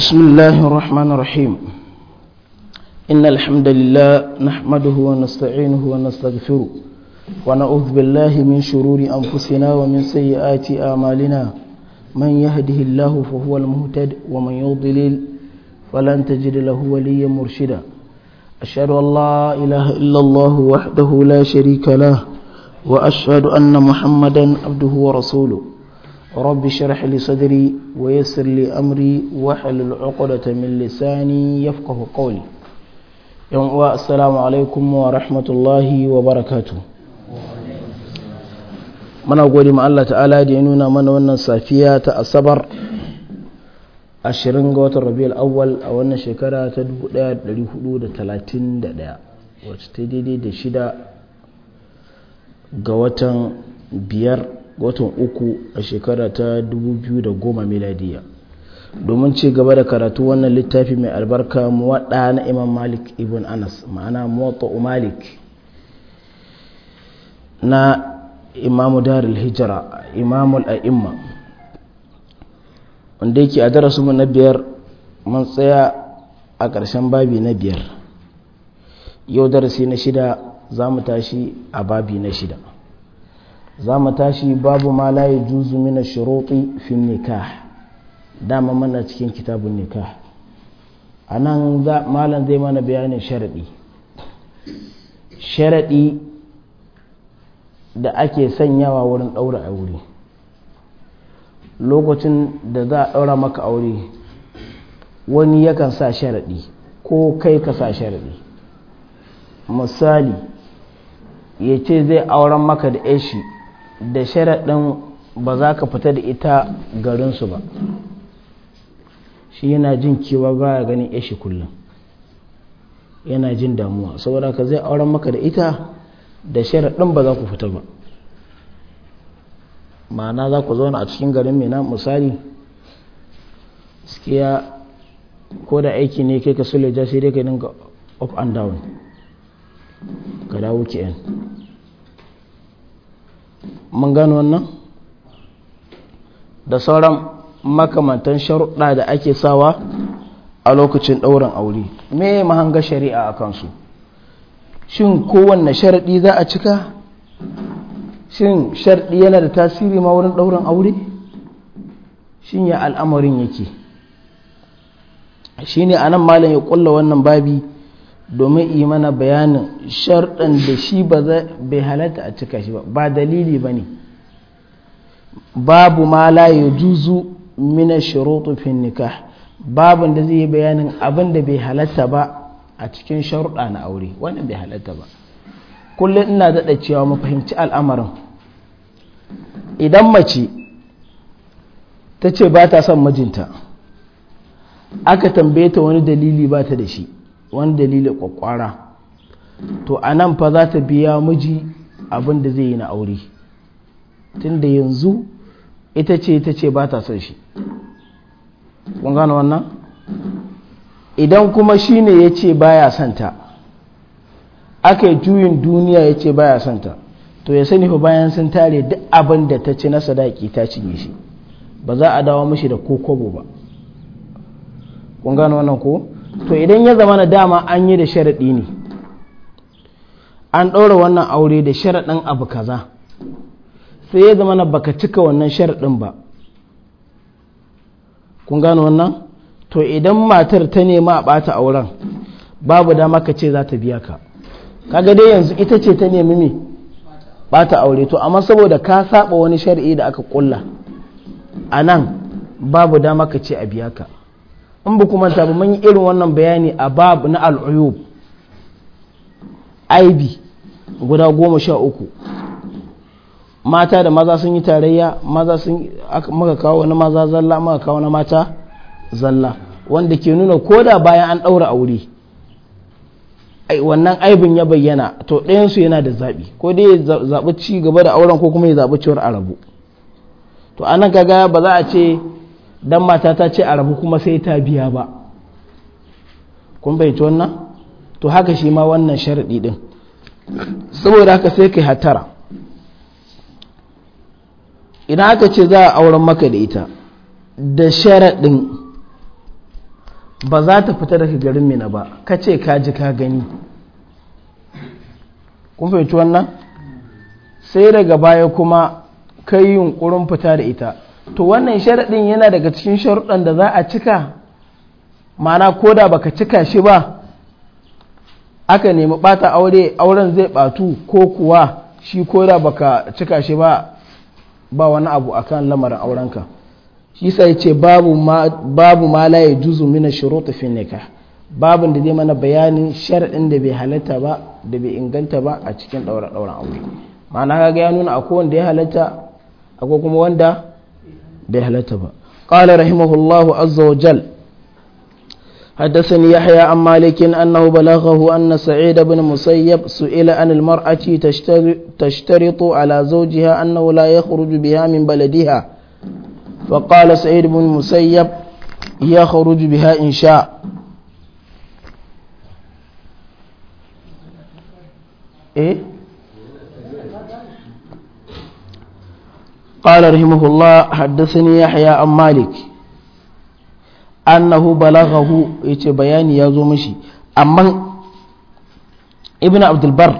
بسم الله الرحمن الرحيم إن الحمد لله نحمده ونستعينه ونستغفره ونعوذ بالله من شرور أنفسنا ومن سيئات آمالنا من يهده الله فهو المهتد ومن يضلل فلن تجد له وليا مرشدا أشهد أن لا إله إلا الله وحده لا شريك له وأشهد أن محمدا عبده ورسوله رب اشرح لي صدري ويسر لي أمري واحلل عقدة من لساني يفقه قولي يوم السلام عليكم ورحمة الله وبركاته mana gode ma Allah ta'ala da ya nuna mana wannan safiya ta asabar ashirin ga watan rabiul awwal a wannan shekara ta 1431 wacce ta daidai da shida ga watan biyar watan uku a shekara ta 2010 miladiya domin ci gaba da karatu wannan littafi mai albarka muwaɗa na imam malik ibn anas ma'ana muwaɗa malik na imamu darul hijira imamul a'imma wanda yake a darasu na biyar man tsaya a ƙarshen babi na biyar yau darasi na shida za mu tashi a babi na shida za mu tashi babu ma la juzu mina ash-shuruti fi nikah dama mana cikin kitabun nikah anan za malam zai mana bayanin sharaɗi. Sharaɗi da ake sanyawa wurin daura aure lokacin da za a daura maka aure wani yakan sa sharaɗi. ko kai ka sa sharadi misali ya ce zai auren maka da shi da sharaɗin ba za ka fita da ita garinsu ba shi yana jin kewa baya ganin yashi kullum yana jin damuwa saboda ka zai auren maka da ita da sharaɗin ba za ku fita ba ma'ana za ku zauna a cikin garin mai na misali gaskiya ko da aiki ne kai ka suleja sai dai ka dinga up and down ka dawo ki'an mun gano wannan da sauran makamantan sharuɗa da ake sawa a lokacin ɗaurin aure me mahanga shari'a a kansu shin kowanne sharaɗi za a cika shin sharaɗi yana da tasiri ma wurin ɗaurin aure shin ya al'amarin yake shi ne a nan malam ya ƙulla wannan babi domin yi mana bayanin sharɗan da shi ba bai halatta a cika shi ba ba dalili ba ne babu ma la ya juzu mina shuruɗu fin nikah babin da zai yi bayanin abin da bai halatta ba a cikin sharuɗa na aure wannan bai halatta ba kullum ina daɗa cewa mu fahimci al'amarin idan mace ta ce ba ta son mijinta aka tambaye ta wani dalili ba ta da shi wani dalilin kwakwara to a nan fa za ta biya miji abin da zai yi na aure tunda yanzu ita ce ta ce ba ta son shi kun gano wannan idan kuma shi ne ya ce baya santa aka yi juyin duniya ya ce baya santa to ya sani fa bayan sun tare duk abin da ta ci na sadaki ta cinye shi ba za a dawo mashi da ko kobo ba kun gano wannan ko to idan ya zama na dama an yi da sharaɗi ne an ɗaura wannan aure da sharaɗin abu kaza sai ya zama na baka cika wannan sharaɗin ba kun gano wannan to idan matar ta nema a ɓata auren babu dama ka ce za ta biya ka kaga dai yanzu ita ce ta nemi me ɓata aure to amma saboda ka saba wani shari'i da aka ƙulla a nan babu dama ka ce a biya ka in ba kuma ba mun yi irin wannan bayani a babu na al'uyub aibi guda goma sha uku mata da maza sun yi tarayya maza sun maka kawo na maza zalla maka kawo na mata zalla wanda ke nuna ko da bayan an ɗaura aure wannan aibin ya bayyana to ɗayansu yana da zaɓi ko dai ya zaɓi ci gaba da auren ko kuma ya zaɓi ciwar arabu to anan kaga ba za a ce dan mata ta ce a rabu kuma sai ta biya ba kun bayyace wannan to haka shi ma wannan sharaɗi din saboda haka sai kai hatara idan aka ce za a auren maka da ita da sharadin ba za ta fita daga garin mina ba ka ce ka ji ka gani kun fahimci wannan sai daga baya kuma kai yunkurin fita da ita to wannan sharaɗin yana daga cikin sharuɗan da za a cika mana ko da baka cika shi ba aka nemi ɓata aure auren zai ɓatu ko kuwa shi ko da baka cika shi ba ba wani abu a kan lamarin aurenka shi sa ya ce babu ma, babu la ya juzu mina shuruɗa fi babin da zai mana bayanin sharaɗin da bai halatta ba da bai inganta ba a cikin ɗaura ɗauran aure ma'ana kaga ya nuna akwai wanda ya halatta akwai kuma wanda da halatta ba ƙala rahimahullahu azawajal haddasan yahya an malikin an nahu anna an na sa'id abin musayyab su'ila an tashtaritu ala zawjiha an nahu la ya min baladiha fa ƙala sa'id abin musayyab ya kharuju biha in sha eh قال رحمه الله حدثني يحيى عن مالك أنه بلغه يتي بياني يا زومشي أما ابن عبد البر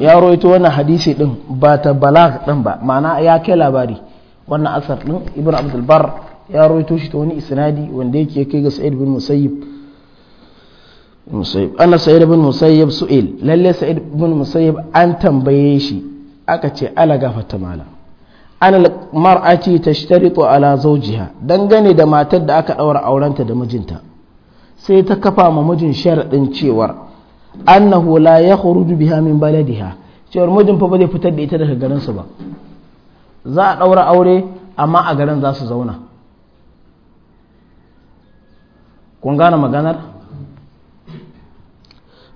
ya rawaito wannan hadisi din ba ta balag din ba ma'ana ya kai labari wannan asar din ibn abdul bar ya rawaito shi ta wani isnadi wanda yake kai ga sa'id bin musayyib musayyib sa'id bin musayyib su'il lalle sa'id bin musayyib an tambaye shi aka ce ala gafarta al mar'ati tashtaritu ala zawjiha dangane da matar da aka daura aurenta da mijinta sai ta kafa ma mijin sharadin cewar annahu la yakhruju biha min baladiha cewar mijin fa ba zai fitar da ita daga garin su ba za a daura aure amma a garin za su zauna kun gane maganar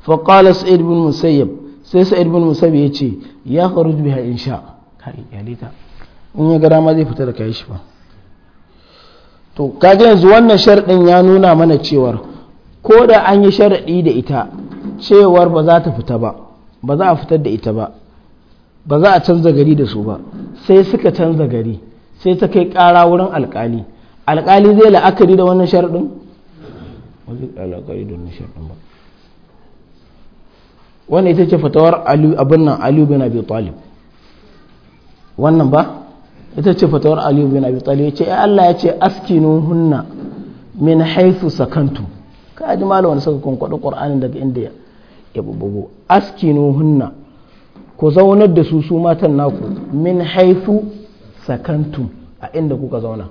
fa qala sa'id bin musayyib sai sa'id bin musayyib yace ya kharuj biha insha kai yalita in ya gara ma zai fita da kayi shi ba to kaga yanzu wannan sharɗin ya nuna mana cewar ko da an yi sharaɗi da ita cewar ba za ta fita ba ba za a fitar da ita ba ba za a canza gari da su ba sai suka canza gari sai ta kai ƙara wurin alƙali alƙali zai la'akari da wannan sharaɗin wannan ita ce fatawar abin nan aliyu bin abi talib wannan ba ita ce fatawar aliyu bin abi talib ya ce ya Allah ya ce askinu hunna min haifu sakantu ka ji malaman saka kwankwada qur'anin daga inda ya bubugo askinu hunna ku zaunar da su su matan naku min haifu sakantu a inda kuka zauna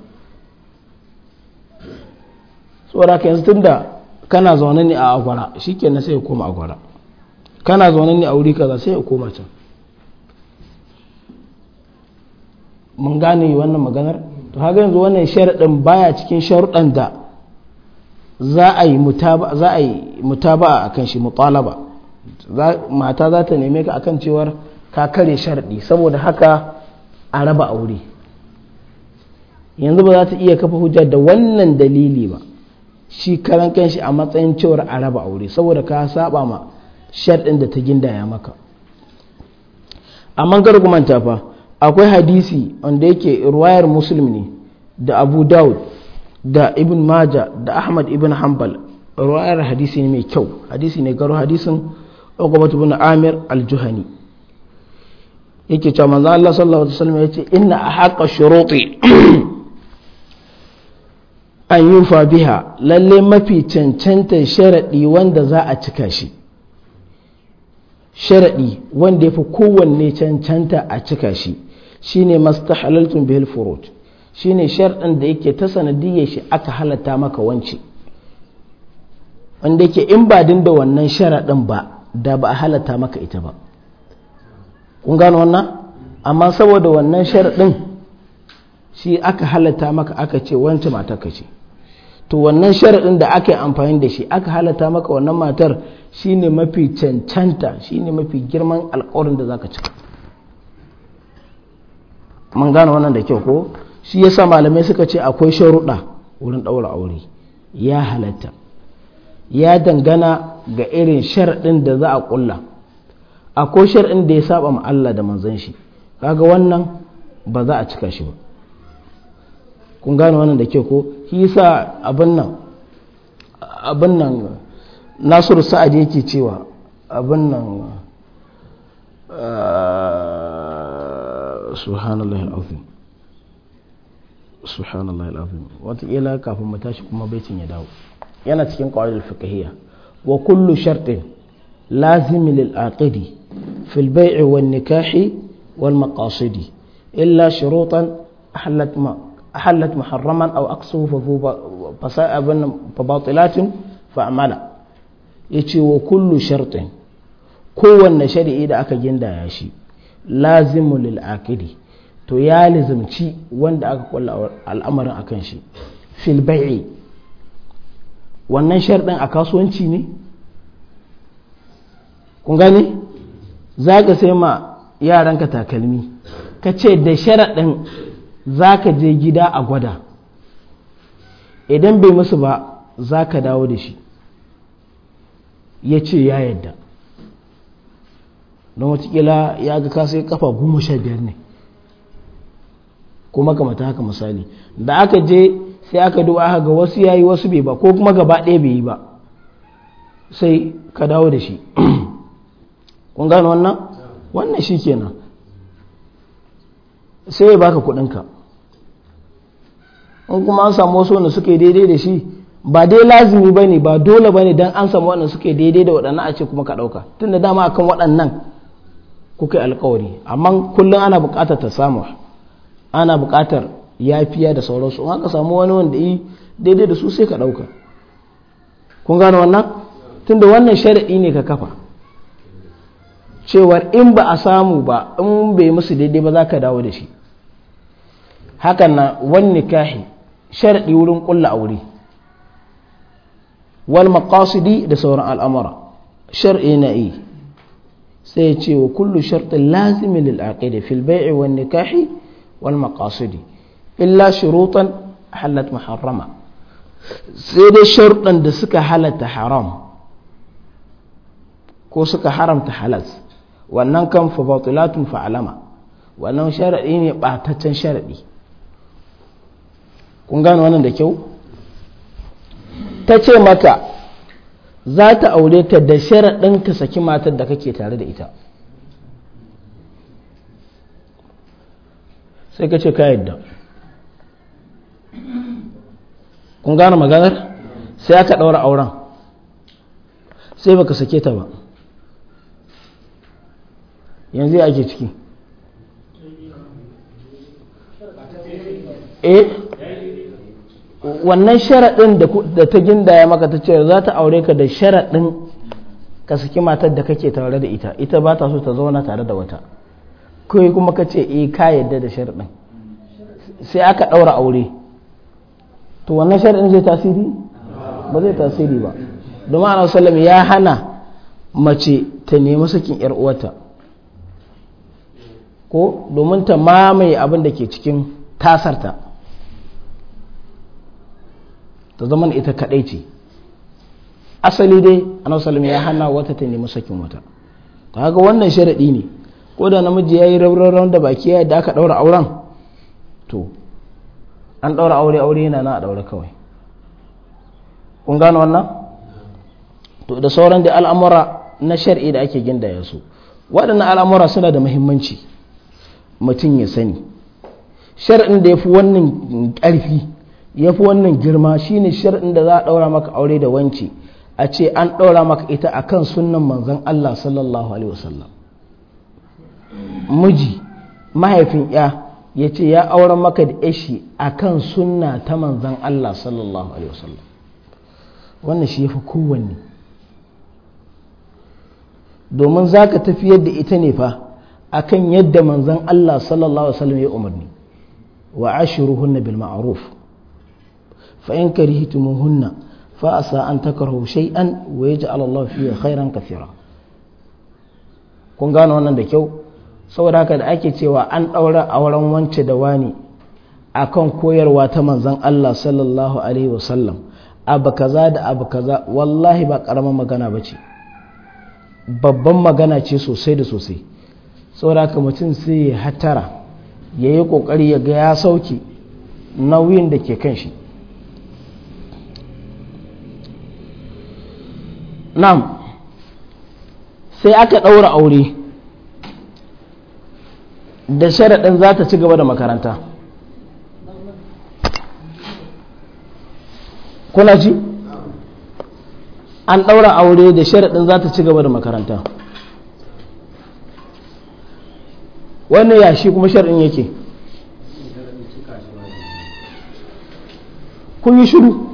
tsora ka yanzu tunda kana zaune ne a agwara na sai ya koma agwara kana zaune ne a wuri kaza sai ya koma can mun gane wannan maganar to haka yanzu wannan sharaɗin baya cikin sharuɗan da za a yi mutaba'a a kan shi mutalaba mata za ta neme ka akan cewar ka kare sharaɗi saboda haka a raba aure yanzu ba za ta iya kafa hujja da wannan dalili ba shi karan shi a matsayin cewar a raba aure saboda ka saba ma sharɗin da ta gindaya maka amma gargumanta fa akwai hadisi wanda yake ruwayar muslim ne da abu daud da ibn maja da ahmad ibn hanbal ruwayar hadisi ne mai kyau hadisi ne garo hadisin ugubatu bin amir al-juhani yake cewa manzo Allah sallallahu alaihi wasallam yace inna haƙa shuruti an yufa biha lalle mafi cancanta sharadi wanda za a cika shi sharadi wanda yafi kowanne cancanta a cika shi shine mastahalaltum bihil shi shine sharɗin da yake ta sanadiyar shi aka halatta maka wance wanda yake in ba din da wannan sharaɗin ba da ba a halatta maka ita ba kun gano wannan amma saboda wannan sharaɗin shi aka halatta maka aka ce wance mata ka ce to wannan sharaɗin da aka yi amfani da shi aka halatta maka wannan matar shine mafi cancanta shine mafi girman alƙawarin da zaka cika mun gane wannan da kyau ko shi yasa malamai suka ce akwai sharuɗa wurin ɗaura aure ya halatta ya dangana ga irin sharɗin da za a ƙulla akwai sharɗin da ya saba ma Allah da manzon shi kaga wannan ba za a cika shi ba kun gane wannan da kyau ko shi yasa abin nan abin nan Nasiru Sa'ad yake cewa abin nan ah, سبحان الله العظيم سبحان الله العظيم وتقيل كاف متاش كما بيتين يداو يانا تكين قواعد الفقهية وكل شرط لازم للعقد في البيع والنكاح والمقاصد إلا شروطا أحلت ما أحلت محرما أو اقصوا ففوبا بصائب بباطلات فأعمل يتي وكل شرط كون شرعي إذا أكجند يا شيخ lazimu lil to ya lazimci wanda aka kulla al'amarin akan shi fil bai'i wannan sharɗin a kasuwanci ne kun gani. za ka sai ma yaranka takalmi ka ce da sharaɗin za ka je gida a gwada idan bai musu ba za ka dawo da shi ya ce ya yadda don watakila ya ga kasa ya kafa goma sha biyar ne kuma kamata haka misali da aka je sai aka duwa aka ga wasu yayi wasu bai ba ko kuma gaba ɗaya bai yi ba sai ka dawo da shi kun gane wannan wannan shi kenan sai ya baka kuɗinka in kuma an samu wasu wanda suke daidai da shi ba dai lazimi ba ne ba dole ba ne don an samu waɗanda suke daidai da waɗannan a ce kuma ka ɗauka tun da dama akan waɗannan kuka yi alkawari amma kullum ana buƙatar ta samu ana buƙatar yafiya da sauransu in samu wani wanda yi daidai da su sai ka ɗauka kun gane wannan tunda wannan sharaɗi ne ka kafa cewar in ba a samu ba in bai musu daidai ba za ka dawo da shi hakan na wani kahi sharaɗi wurin kulla aure wal maqasidi da sauran al'amura shar'i na iya sai ya ce wa kullu shartin lazimin lil aqidi fil nikahi wal maqasidi illa shurutan halat muharrama sai dai sharuɗan da suka halatta haram ko suka haramta halas wannan kan fa batilatun fa alama wannan sharaɗi ne ɓataccen sharaɗi kun gane wannan da kyau ta ce maka za ta aure ta da sharaɗin ka saki matar da kake tare da ita sai ka ce ka yadda kun gane maganar sai aka ɗaura auren sai baka sake ta ba yanzu ya ake ciki eh wannan sharaɗin da ta gindaya maka ta ce za ta aure ka da sharaɗin ka saki matar da kake tare da ita ita ba ta so ta zauna tare da wata kai kuma ka ce eh ka yadda da sharaɗin sai aka ɗaura aure to wannan sharaɗin zai tasiri ba zai tasiri ba domin ana sallam ya hana mace ta nemi sakin yar uwarta ko domin ta mamaye abin da ke cikin tasarta ta zama ita kadai ce asali dai annabi ya hana wata ta nemi sakin wata Ta haka wannan sharaɗi ne ko da namiji ya yi rauraron da baki ya da aka ɗaura auren to an ɗaura aure aure yana na a ɗaura kawai kun gano wannan to da sauran da al'amura na shar'i da ake gindaya su waɗannan al'amura suna da muhimmanci mutum ya sani shar'in da ya fi wannan ƙarfi ya fi wannan girma shine shirin da za a ɗaura maka aure da wance a ce an ɗaura maka ita a kan sunan manzan Allah sallallahu alaihi wasallam miji mahaifin ya ya ce ya aura maka da ishi a kan suna ta manzan Allah sallallahu alaihi wasallam wannan shi ya fi kowanne domin za ka tafiyar da ita ne fa a kan yadda manzan Allah sallallahu alaihi wasallam ya umarni wa ashiruhunna bil ma'ruf فإن كرهتموهن فأسى أن تكرهوا شيئا ويجعل الله فيه خيرا كثيرا kun gano wannan da kyau saboda haka da ake cewa an ɗaura auren wance da wani akan koyarwa ta manzon Allah sallallahu alaihi wasallam abu kaza da abu kaza wallahi ba ƙaramin magana ba ce babban magana ce sosai da sosai saboda haka mutum sai ya hatara ya yi ƙoƙari ya ga ya sauke nauyin da ke kan shi na'am sai aka ɗaura aure da sharaɗin za ta ci gaba da makaranta kuna ji an ɗaura aure da sharaɗin za ta ci gaba da makaranta wannan yashi kuma sharaɗin yake kun yi shiru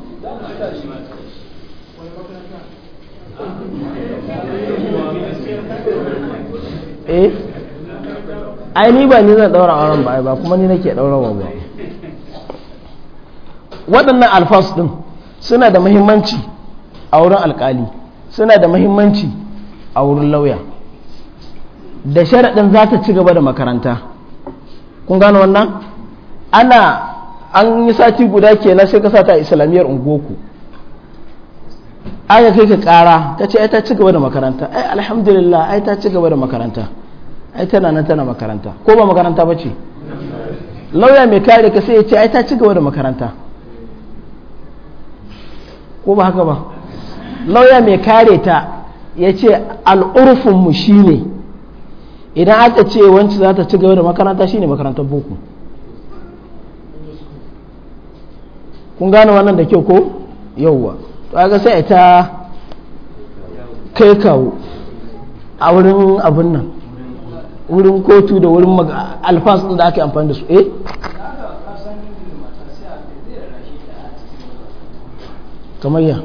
eh ai ni ba ni zan daura auren ba ba kuma ni nake daura wa ba waɗannan alfas din suna da muhimmanci a wurin alkali suna da muhimmanci a wurin lauya da sharaɗin za ta ci gaba da makaranta kun gano wannan ana an yi sati guda kenan sai ka sa a islamiyyar ungoku aya kai ka kara ka ce ai ta ci gaba da makaranta ai alhamdulillah ai ta ci gaba da makaranta ai tana nan tana makaranta ko ba makaranta ba ce lauya mai kare ka sai ya ce ai ta ci gaba da makaranta ko ba haka ba lauya mai kare ta ya ce al'urfinmu shi ne idan aka ce wancan za ta ci gaba da makaranta shi ne makarantar boko kun gane wannan da kyau ko yauwa to aka sai ta kai kawo a wurin abin nan wurin kotu da wurin alfas da ake amfani da su eh kamar ya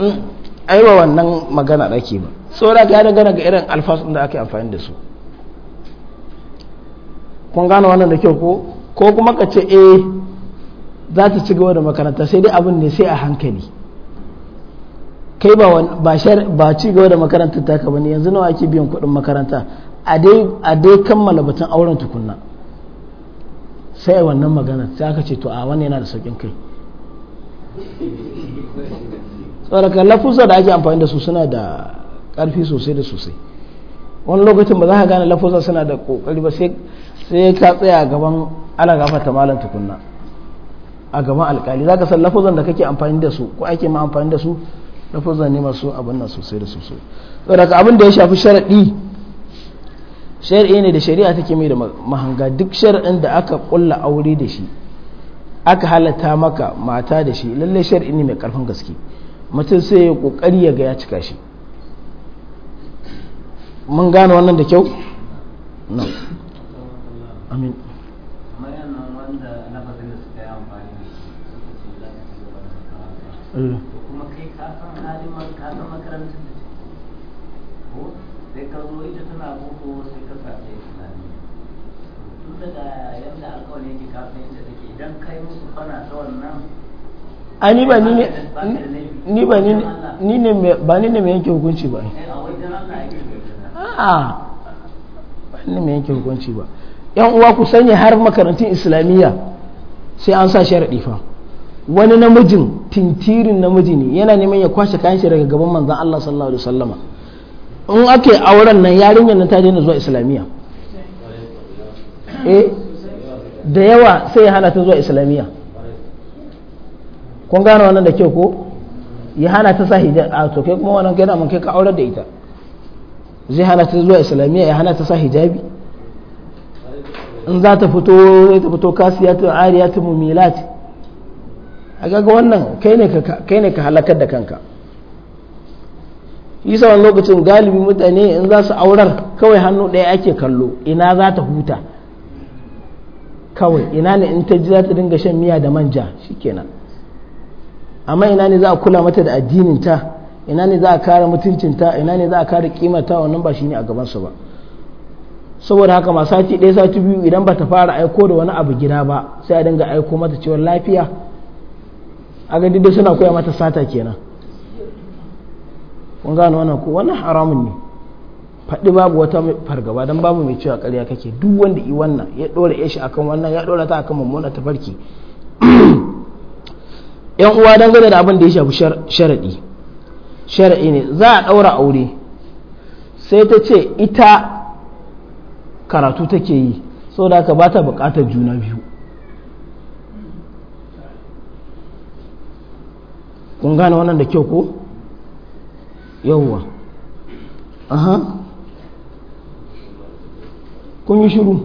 mm, aiwa wannan magana da ke ba saboda ka ya dangana ga irin alfas da ake amfani da su kun gane wannan da kyau ko ko kuma ka ce eh za ta ci gaba da makaranta sai dai abin ne sai a hankali kai ba ba ci gaba da makaranta ta ka bane yanzu nawa ake biyan kuɗin makaranta a dai kammala batun auren tukunna sai wannan magana sai aka ce to a wani yana da saukin kai tsoraka lafuza da ake amfani da su suna da ƙarfi sosai da sosai wani lokacin ba za ka gane lafuza suna da ƙoƙari ba sai ka tsaya a gaban alagafa ta malam tukunna a gaban alkali za ka san lafuzan da kake amfani da su ko ake ma amfani da su lafuzan ne masu abin nan sosai da sosai tsoraka abin da ya shafi sharaɗi shari'i ne da shari'a take mai da mahanga duk shari'in da aka kulla aure da shi aka halatta maka mata da shi lalle shari'i ne mai karfin gaske mutum sai ya kokari ya ga ya cika shi mun gane wannan da kyau na amin eh. kuma kai ka san halin makarantar da ko sai ka zo ita tana boko sai ka sace ba ni ba ni ne ba ni ne mai yanke hukunci eh, ba ni ne mai yanke hukunci ba yan uwa ku sanya har makarantun islamiyya sai an sa sharaɗi fa wani namijin tintirin namiji ne yana neman ya kwashe kayan shi daga gaban manzan Allah sallallahu alaihi wasallama in ake auren nan yarinyar nan ta daina zuwa islamiyya eh da yawa sai ya hana ta zuwa islamiyya kun gane wannan da kyau ko ya hana ta sa hijab a to kai kuma wannan kai mun kai ka aurar da ita zai hana ta zuwa islamiyya ya hana ta sa hijabi in za ta fito ta fito kasiyatun ariyatun mumilat a ga wannan kai ne ka halakar da kanka yasa wani lokacin galibi mutane in za su aurar kawai hannu ɗaya ake kallo ina za ta huta kawai ina ne in ta ji za ta dinga shan miya da manja shikenan amma ina ne za a kula mata da addininta ina ne za a kare mutuncinta ina ne za a kare kimata wannan ba shine a gabansu ba saboda haka ma sati ɗaya sati biyu idan ba ta fara aiko da wani abu gida ba sai a dinga aiko mata cewa lafiya a ga suna koya mata sata kenan kun gano wannan ko wannan haramun ne faɗi babu wata fargaba don babu mai cewa ƙarya kake duk wanda i wannan ya ɗora ya shi akan wannan ya ɗora ta akan mummuna tafarki yan uwa don dangane da abin da ya shafi sharaɗi sharaɗi ne za a ɗaura aure sai ta ce ita karatu take yi saboda haka ba ta buƙatar juna biyu kun gane wannan da kyau ko yawwa aha kun yi shiru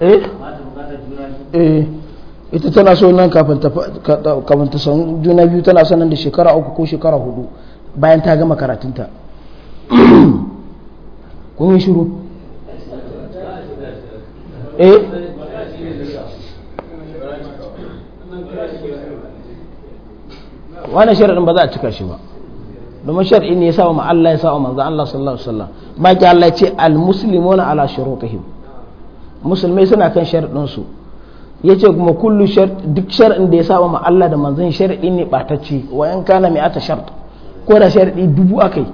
eh eh ita tana so nan kafin ta san juna biyu tana sanar da shekara uku ko shekara hudu bayan ta gama karatunta kun yi shiru eh wani shirin ba za a cika shi ba domin shar'i ne ya sa ma Allah ya sa manzo Allah sallallahu alaihi wasallam ma ki Allah ya ce al muslimuna ala shurutihim musulmai suna kan sharɗin su yace kuma kullu duk shar'in da ya sa ma Allah da manzon shar'i ne batacce wa in kana mi'ata shart ko da shar'i dubu akai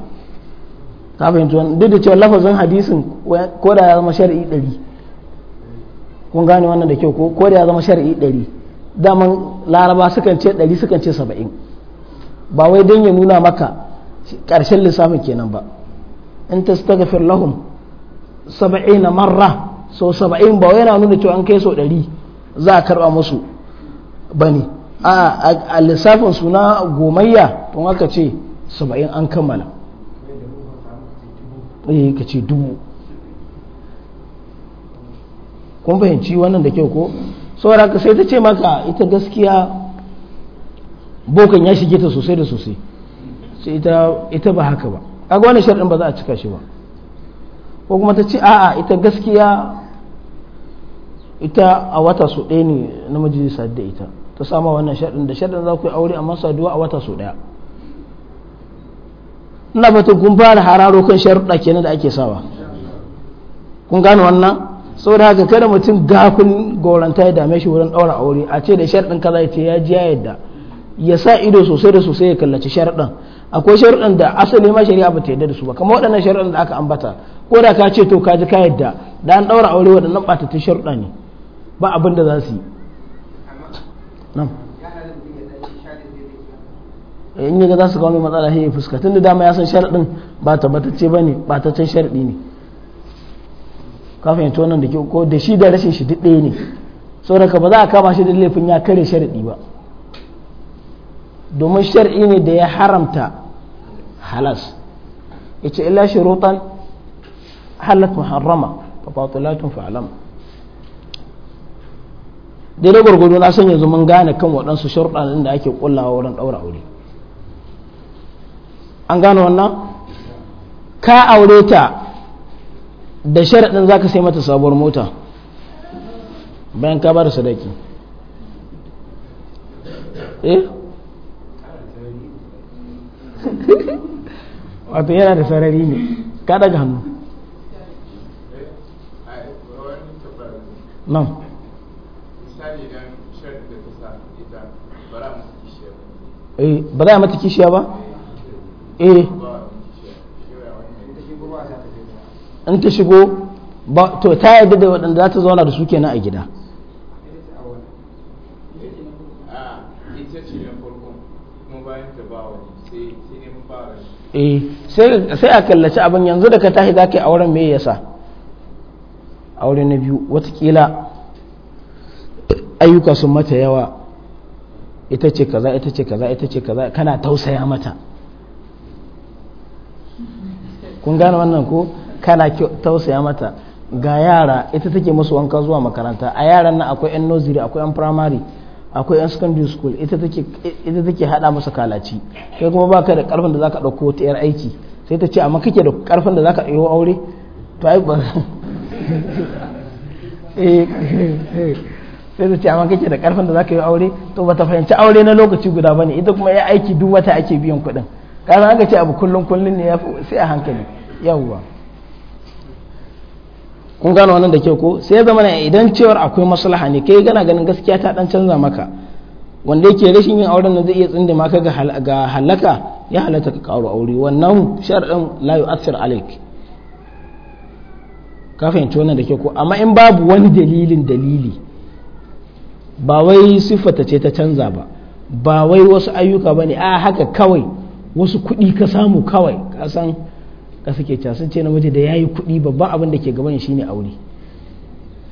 ka fahimci wannan duk da cewa lafazin hadisin ko da ya zama shar'i ɗari kun gane wannan da kyau ko da ya zama shar'i ɗari daman laraba sukan ce ɗari sukan ce saba'in ba wai don ya nuna maka ƙarshen lissafin kenan ba in ta firlahun lahum na marra so saba'in ba yana nuna cewa an kai so ɗari za a karɓa musu ba ne a lissafin suna gomayya tun aka ce saba'in an kammala eh ka ce dubu kun fahimci wannan da kyau ko saboda ka sai ta ce maka ita gaskiya bokan ya shige ta sosai da sosai sai ita ba haka ba kaga wani sharɗin ba za a cika shi ba ko kuma ta ce a'a ita gaskiya ita a wata su ɗaya ne namiji zai sadu da ita ta sama wannan sharɗin da sharɗin za ku yi aure amma saduwa a wata su ɗaya ina fata kun fara hararo kan sharuɗa kenan da ake sawa kun gane wannan saboda haka kada mutum gafin goranta ya dame shi wurin ɗaura aure a ce da sharɗin kaza ya ce ya ji ya yadda ya sa ido sosai da sosai ya kallaci sharɗin akwai sharuɗan da asali ma shari'a ba ta yadda da su ba kamar waɗannan sharuɗan da aka ambata ko da ka ce to ka ji ka yadda da an ɗaura aure waɗannan ɓata ta sharuɗa ne ba abin da za su yi eh, in yaga za su kawo mai matsala ya fuska tun da dama ya san sharuɗin ba ta tabbatacce ba ne ɓataccen sharaɗi ne ka fahimci wannan da ke ko da shi da rashin shi duk ɗaya ne saboda ba za a kama shi da laifin ya kare sharaɗi ba domin shar'i ne da ya haramta halas yace illa shurutan halat muharrama fa fa'lam dai da gurgudu na san yanzu mun gane kan waɗansu sharuɗa da ake kullawa wurin ɗaura aure an gane wannan ka aure ta da sharaɗin za ka sai mata sabuwar mota bayan ka ba da sadaki eh wato yana da sarari ne ka daga hannu nan eh, ba za a mata kishiya ba? eh in ta shigo to ta yadda da waɗanda za ta zauna da su kenan a gida eh sai a kallaci abin yanzu da ka tashi za ka yi auren me yasa aure na biyu watakila ayyuka sun mata yawa ita ce kaza ita ce kaza ita ce kaza kana tausaya mata kun gane wannan ko kana tausaya mata ga yara ita take musu wanka zuwa makaranta a yaran nan akwai yan noziri akwai yan firamari akwai yan secondary school ita take hada masa kalaci kai kuma baka da karfin da zaka dauko ta yar aiki sai ta ce amma kake da karfin da zaka dauko aure to ai ba eh, sai ta ce amma kake da karfin da zaka yi aure to ta fahimci aure na lokaci guda bane ita kuma ya aiki duk wata ake biyan kuɗin kana ga ce abu kullun kullun ne sai a hankali yawwa kun gano wannan da ke ko sai ya zama idan cewar akwai maslaha ne kai gana ganin gaskiya ta dan canza maka wanda yake rashin yin auren nan zai iya tsinda maka ga halaka ya halatta ka karo aure wannan sharadin la yu'athir alayk ka fahimci wannan da ke ko amma in babu wani dalilin dalili ba wai siffata ce ta canza ba ba wai wasu ayyuka bane a haka kawai wasu kuɗi ka samu kawai ka san ka suke cewa ce namiji da ya yi kuɗi babban abin da ke gaban shine aure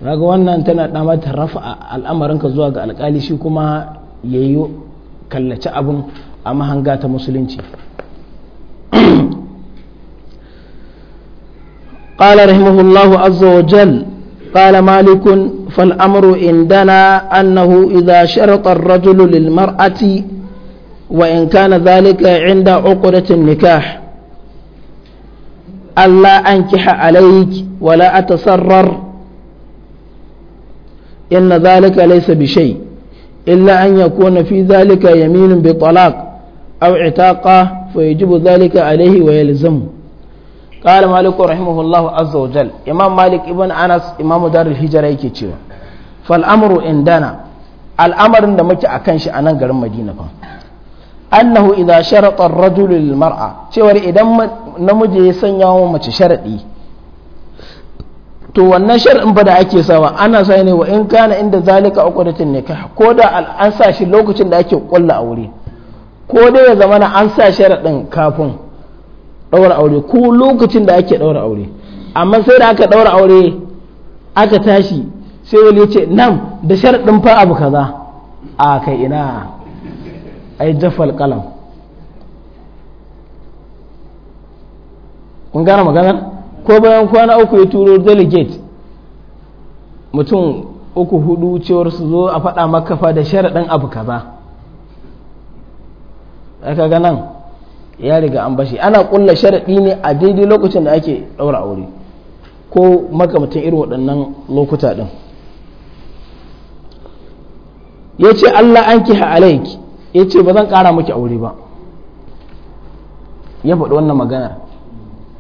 raga wannan tana da mata rafa al'amarin ka zuwa ga alkali shi kuma yayi kallaci abin a mahanga ta musulunci قال رحمه الله عز وجل قال مالك فالأمر عندنا أنه إذا شرط الرجل للمرأة وإن كان ذلك عند عقدة النكاح Allah an kiha alaik wala a tasarrar inna zalika laysa bi shay illa an yakuna fi zalika yaminun bi talaq aw itaqa fa yajibu zalika alayhi wa yalzam قال مالك رحمه الله عز وجل امام مالك ابن انس امام دار الهجره يكي تشوا فالامر عندنا الامر عندما تي اكن شي انان غرم مدينه فا annahu idza sharata ar-rajulu lil mar'a cewar idan namiji ya sanya wa mace sharadi to wannan sharadin ba da ake sawa ana sa ne wa in kana inda zalika uqdatun nikah ko da an sa shi lokacin da ake kulla aure ko dai ya zama na an sa sharadin kafin daura aure ko lokacin da ake daura aure amma sai da aka daura aure aka tashi sai wani ya nan da sharadin fa abu kaza a kai ina ai jafal kalam kun gane maganar ko bayan kwana uku ya turo delegate mutum uku hudu cewar su zo a faɗa maka fa da sharaɗin abu kaza aka ga nan ya riga an bashi ana ƙulla sharaɗi ne a daidai lokacin da ake ɗaura aure ko makamatan irin waɗannan lokuta ɗin ya ce allah an kiha alaiki ya ce ba zan ƙara miki aure ba ya faɗi wannan maganar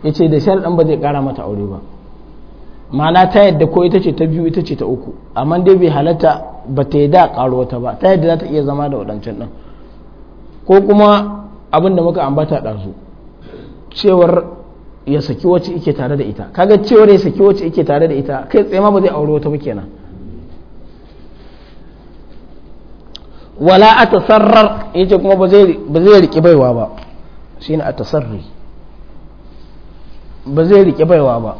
ya ce da sharaɗin ba zai kara mata aure ba ma'ana ta yadda ko ita ce ta biyu ita ce ta uku amma dai bai halatta ba ta yadda ƙaro wata ba ta yadda za ta iya zama da waɗancan ɗan ko kuma abin da muka ambata ɗazu cewar ya saki wacce ike tare da ita kaga cewar ya saki wacce ike tare da ita kai tsaye ma ba zai aure wata ba kenan wala a tasarrar ya ce kuma ba zai riƙe baiwa ba shi ne a tasarri ba zai riƙe baiwa ba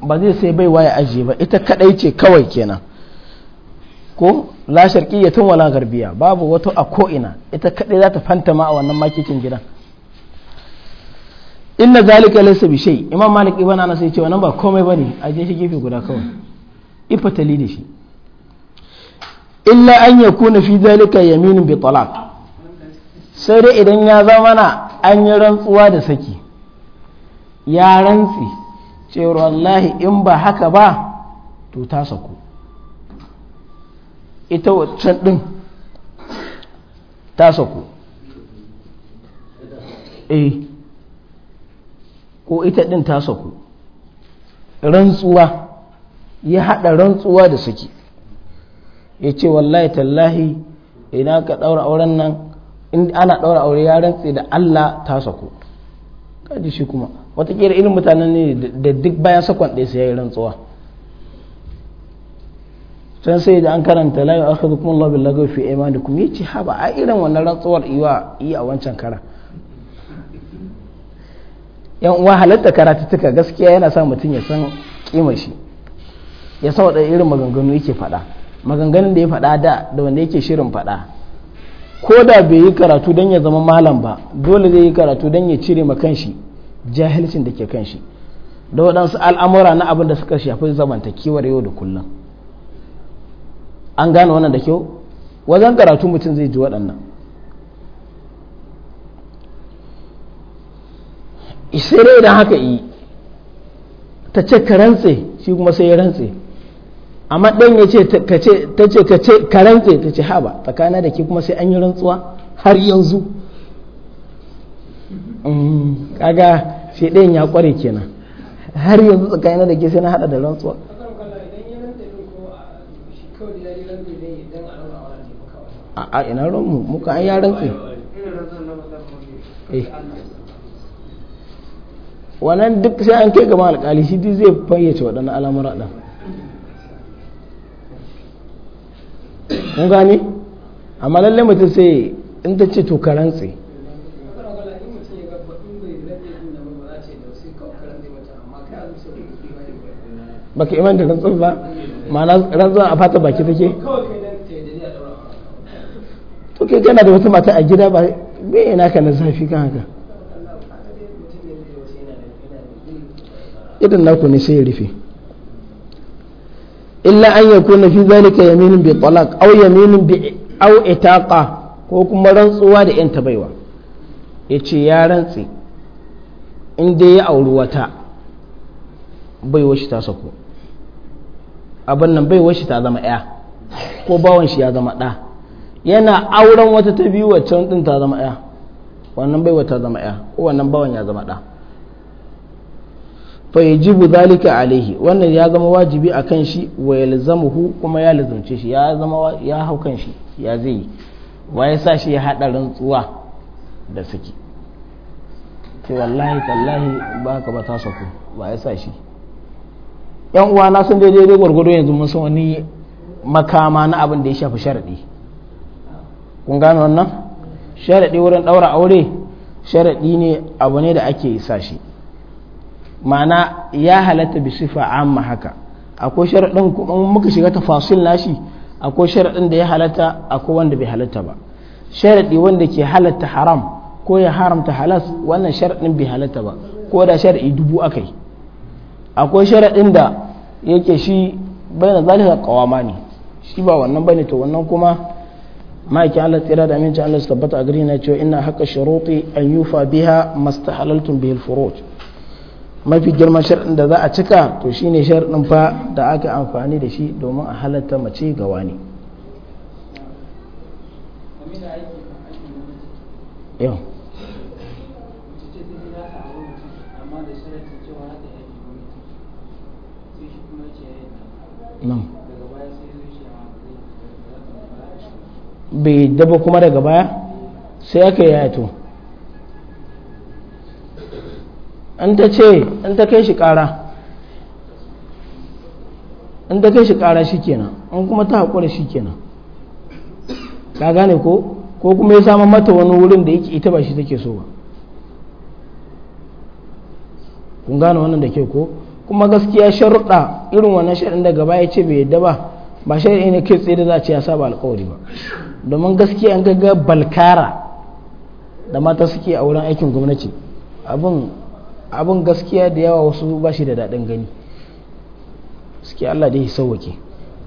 ba zai sai baiwa ya ajiye ba ita kaɗai ce kawai kenan ko la tun wala garbiya babu wato a ko'ina ita kaɗai za ta ma a wannan makicin gidan inna zalika laysa bi shay imam malik ibn anas yace wannan ba komai bane a je shi gefe guda kawai ifatali da shi illa an ya kuna fi zalika yaminin bi talaq sai dai idan ya zama na an yi rantsuwa da saki ya rantsi cewar wallahi in ba haka ba to ta sako ita wancan ɗin ta saku eh ko ita ɗin ta saku rantsuwa ya haɗa rantsuwa da saki ya ce wallahi tallahi ina ka ɗaura auren nan in ana ɗaura aure ya rantse da Allah ta sako kaji shi kuma watakila irin mutanen ne da duk bayan sakon ɗaya sai ya yi rantsuwa can sai da an karanta la yu'akhidhukum Allahu bil lagwi fi kuma ya ha ba a irin wannan rantsuwar iwa a wancan kara yan uwa halatta karatuttuka gaskiya yana sa mutum ya san kima shi ya sa waɗanda irin maganganu yake faɗa maganganun da ya faɗa da da wanda yake shirin faɗa ko da bai yi karatu don ya zama malam ba dole zai yi karatu don ya cire ma kanshi jahilcin da ke kanshi da waɗansu al'amura na abin da suka shafi zamantakewar yau da kullum an gane wannan da kyau wajen karatu mutum zai ji waɗannan isirai idan haka yi ta ce ka rantse shi kuma sai ya rantse amma ɗan ya ce ka ce ta ce ka ce ka rantse ka ce haba tsakana da ke kuma sai an yi rantsuwa har yanzu mm, kaga sai ɗayan ya ƙware kenan har yanzu tsakana da ke sai na haɗa da rantsuwa a ina ranmu muka an ya rantse eh. wannan duk sai an kai gama alkali shi zai fayyace waɗannan al'amura ɗin kun gane amma lalle mutum sai in ta ce to karantse baka ka da rantsin ba ma'ana rantsin a fata baki take to kai gana da wata mata a gida ba me yana ka na zafi kan haka idan naku ne sai ya rufe illa an yakuna fi zalika yaminun bi talaq aw yaminun bi aw itaqa ko kuma rantsuwa da yan tabaiwa yace ya rantsi in dai ya auri wata baiwar shi ta sako abin nan baiwar shi ta zama ɗaya ko bawan shi ya zama ɗa yana auren wata ta biyu waccan ɗin ta zama ɗaya wannan baiwar ta zama ɗaya ko wannan bawan ya zama ɗaya. fa yajibu zalika alaihi wannan ya zama wajibi a kan shi wa yalzamuhu kuma ya lazumce shi ya zama ya hau kan shi ya zai wa ya sa shi ya hada rantsuwa da saki ce wallahi tallahi ba ka ba ta saku ba ya sa shi yan uwa na sun daidai da gwargwado yanzu mun san wani makama na abin da ya shafi sharadi kun gano wannan sharadi wurin daura aure sharadi ne abu ne da ake sa shi ma'ana ya halatta bi sifa amma haka akwai sharaɗin kuma muka shiga tafasil nashi akwai sharaɗin da ya halatta akwai wanda bai halatta ba sharaɗi wanda ke halatta haram ko ya haramta halas wannan sharaɗin bai halatta ba ko da sharaɗi dubu akai akwai sharaɗin da yake shi bai na zalika kawama ne shi ba wannan bane to wannan kuma ma'aikin Allah tsira da amincin Allah su tabbata a gari na cewa ina haka sharuɗi an yufa biha mastahalaltun bihil furuj mafi girman sharɗin da za a cika to shine sharɗin fa da aka amfani da shi domin a halatta mace ga wani bai daba kuma daga baya sai aka yato an ta ce an ta kai shi ƙara an ta kai shi ƙara shi kenan an kuma ta haƙura shi kenan ka gane ko ko kuma ya samu mata wani wurin da yake ita ba shi take so ba kun gane wannan da ke ko kuma gaskiya sharuɗa irin wannan sharuɗin da gaba ya ce bai yadda ba ba sharuɗi ne kai tsaye da za a ce ya saba alkawari ba domin gaskiya an ga balkara da mata suke a wurin aikin gwamnati abin abin gaskiya da yawa wasu ba shi da daɗin gani suke Allah da ya sauwake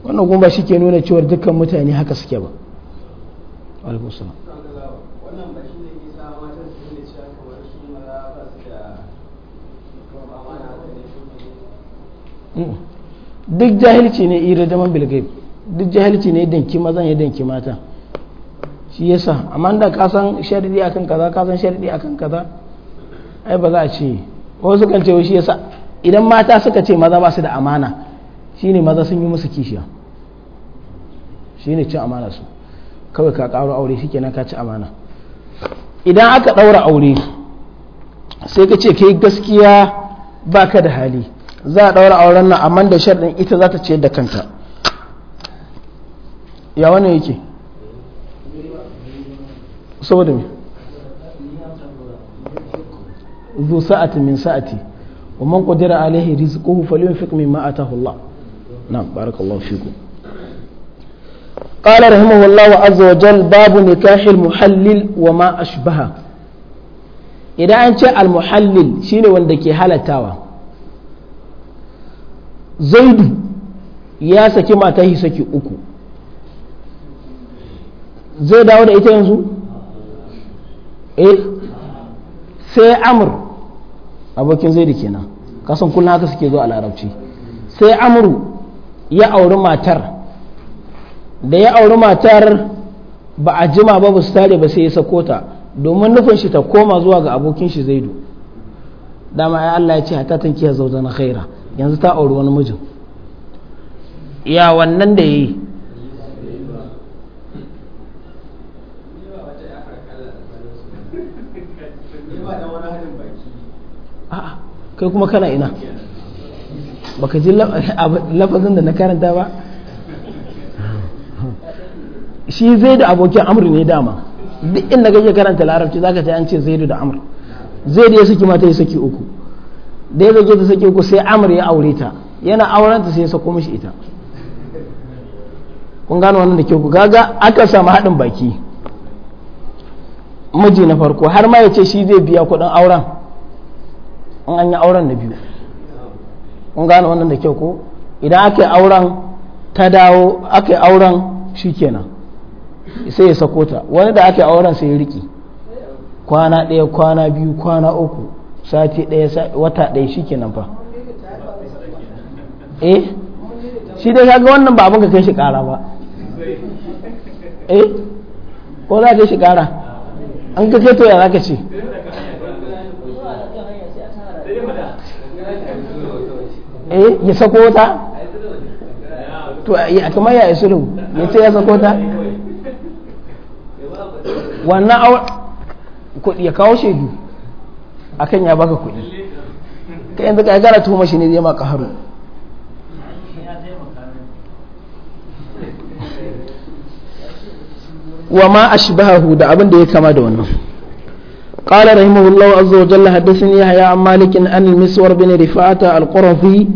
wannan kuma ba shi ke nuna cewar dukkan mutane haka suke ba alaikussalam duk jahilci ne ira man bilgai duk jahilci ne danki mazan ya danki mata shi yasa amma da ka san sharidi akan kaza ka san sharidi akan kaza ai ba za a ce ko su kan ce shi yasa idan mata suka ce maza ba su da amana shine maza sun yi musu kishiya shine cin amana su kawai ka karo aure shikenan ka ci amana idan aka daura aure sai ka ce kai gaskiya baka da hali za a daura auren nan amma da sharɗin ita za ta ce da kanta ya wani yake saboda me ذو سعة من سعتي ومن قدر عليه رزقه فلينفق مما آتاه الله نعم بارك الله فيكم قال رحمه الله عز وجل باب نكاح المحلل وما أشبهه idan an ce almuhallil shine wanda ke halattawa zaidu ya saki mata hi saki uku zai dawo da ita yanzu eh sai amur abokin zaidu kenan kasan kullum haka suke zuwa a larabci sai amru ya auri matar da ya auri matar ba a jima ba ba su tare ba sai ya sako ta domin nufin shi ta koma zuwa ga abokin shi zaidu dama ya Allah ya ce hatta tanki ya zauta na khaira yanzu ta auri wani mijin ya wannan da yayi a'a kai kuma kana ina baka ji lafazin da na karanta ba shi zai da abokin amri ne dama duk inda kake karanta larabci zaka ta an ce zai da amri zai da ya saki mata ya saki uku da ya zage ta saki uku sai amur ya aure ta yana auren ta sai ya sako mishi ita kun gano wannan da ke ku gaga aka samu haɗin baki maji na farko har ma ya ce shi zai biya kuɗin auren in an yi auren da biyu kun gane wannan da kyau ko idan aka yi auren ta dawo aka yi auren shi kenan sai ya sako ta wani da aka yi auren sai ya riki kwana ɗaya kwana biyu kwana uku sati ɗaya wata ɗaya shi kenan fa eh shi dai kaga wannan ba abin ka kai shi ƙara ba eh ko za ka kai shi ƙara an ka kai to ya za ka ce eh ya sako ta to a kamar ya sulhu ya ce ya sako ta wannan kuɗi ya kawo shaidu akan ya baka kuɗi ka yanzu ka yi gara tuhuma shi ne zai maka haru wa ma ashbahu da abin da ya kama da wannan قال رحمه الله عز وجل حدثني يحيى عن مالك أن المسور بن رفاعة القرظي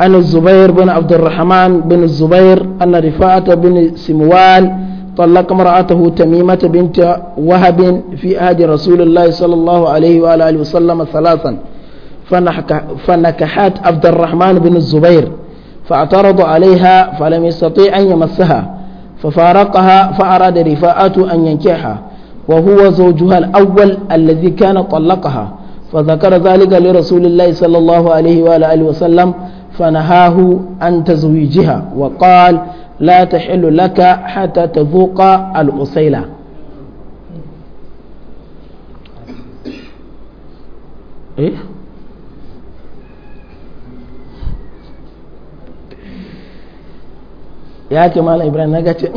أن الزبير بن عبد الرحمن بن الزبير أن رفاعة بن سموال طلق امرأته تميمة بنت وهب في عهد رسول الله صلى الله عليه وآله وسلم ثلاثا فنكحت عبد الرحمن بن الزبير فاعترض عليها فلم يستطيع أن يمسها ففارقها فأراد رفاعة أن ينكحها وهو زوجها الأول الذي كان طلقها فذكر ذلك لرسول الله صلى الله عليه وآله وسلم فنهاه عن تزويجها وقال لا تحل لك حتى تذوق العسيلة إيه؟ يا كمال إبراهيم نجاتي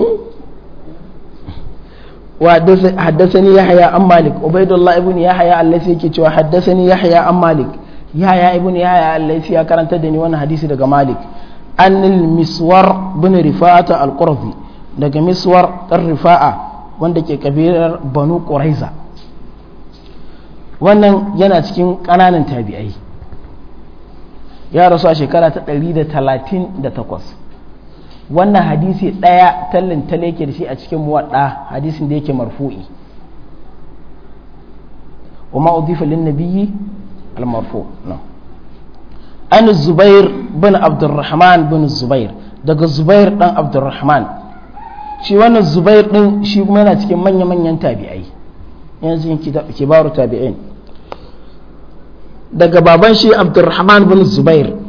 وحدثني يحيى عن مالك عبيد الله ابن يحيى الذي يكي وحدثني يحيى عن مالك يحيى ابن يحيى الذي يا كرنت دني وانا حديث daga مالك أن المسور بن رفاعة القرظي daga miswar ɗan rifa'a wanda ke kabilar banu ƙuraiza wannan yana cikin ƙananan tabi'ai ya rasu a shekara ta 138 wannan hadisi ɗaya tallin tale yake da shi a cikin muwadda hadisin da yake marfu'i wa ma udifa lin nabiyyi al marfu no an zubair bin abdurrahman bin zubair daga zubair ɗan abdurrahman shi wannan zubair ɗin shi kuma yana cikin manya manyan tabi'ai yanzu kibaru tabi'ai daga baban shi abdurrahman bin zubair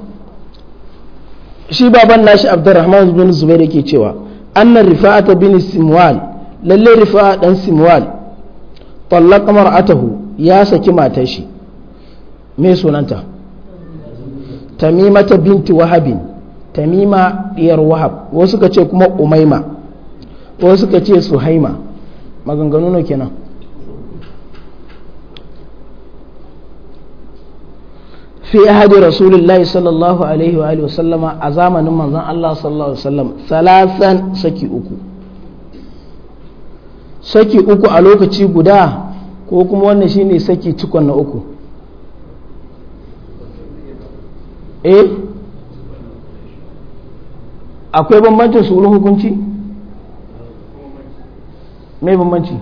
shi baban nashi abdurrahman bin zubair yake cewa annan rifa'ata bin simwal lalle rifa'a dan simwal tallaka mar'atahu ya saki matar shi me sunanta tamimata binti wahabin tamima diyar wahab wasu ka ce kuma umaima wasu ka ce suhaima maganganu ne kenan fi ahadi rasulullahi sallallahu alaihi wa alihi wasallama a zamanin manzon Allah sallallahu alaihi wasallam salasan saki uku saki uku a lokaci guda ko kuma wannan shine saki cikon uku eh akwai bambancin su hukunci mai bambanci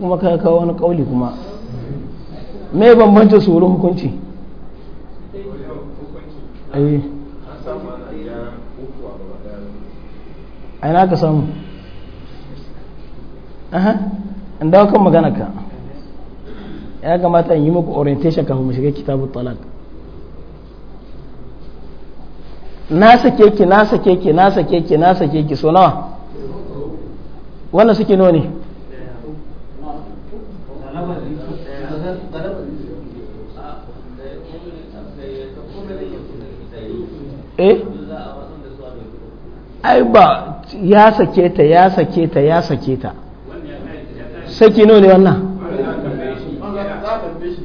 kuma ka kawo wani kauli kuma me bambanta su wurin hukunci eh. ai na ka samu aha an dawo kan magana ka ya kamata in yi muku orientation kafin mu shiga kitabu talak na sake ki na sake ki na sake ki na sake ki so nawa wannan suke nawa ne eh, eh? ai ba ya sake ta ya sake ta ya sake ta saki nawa ne wannan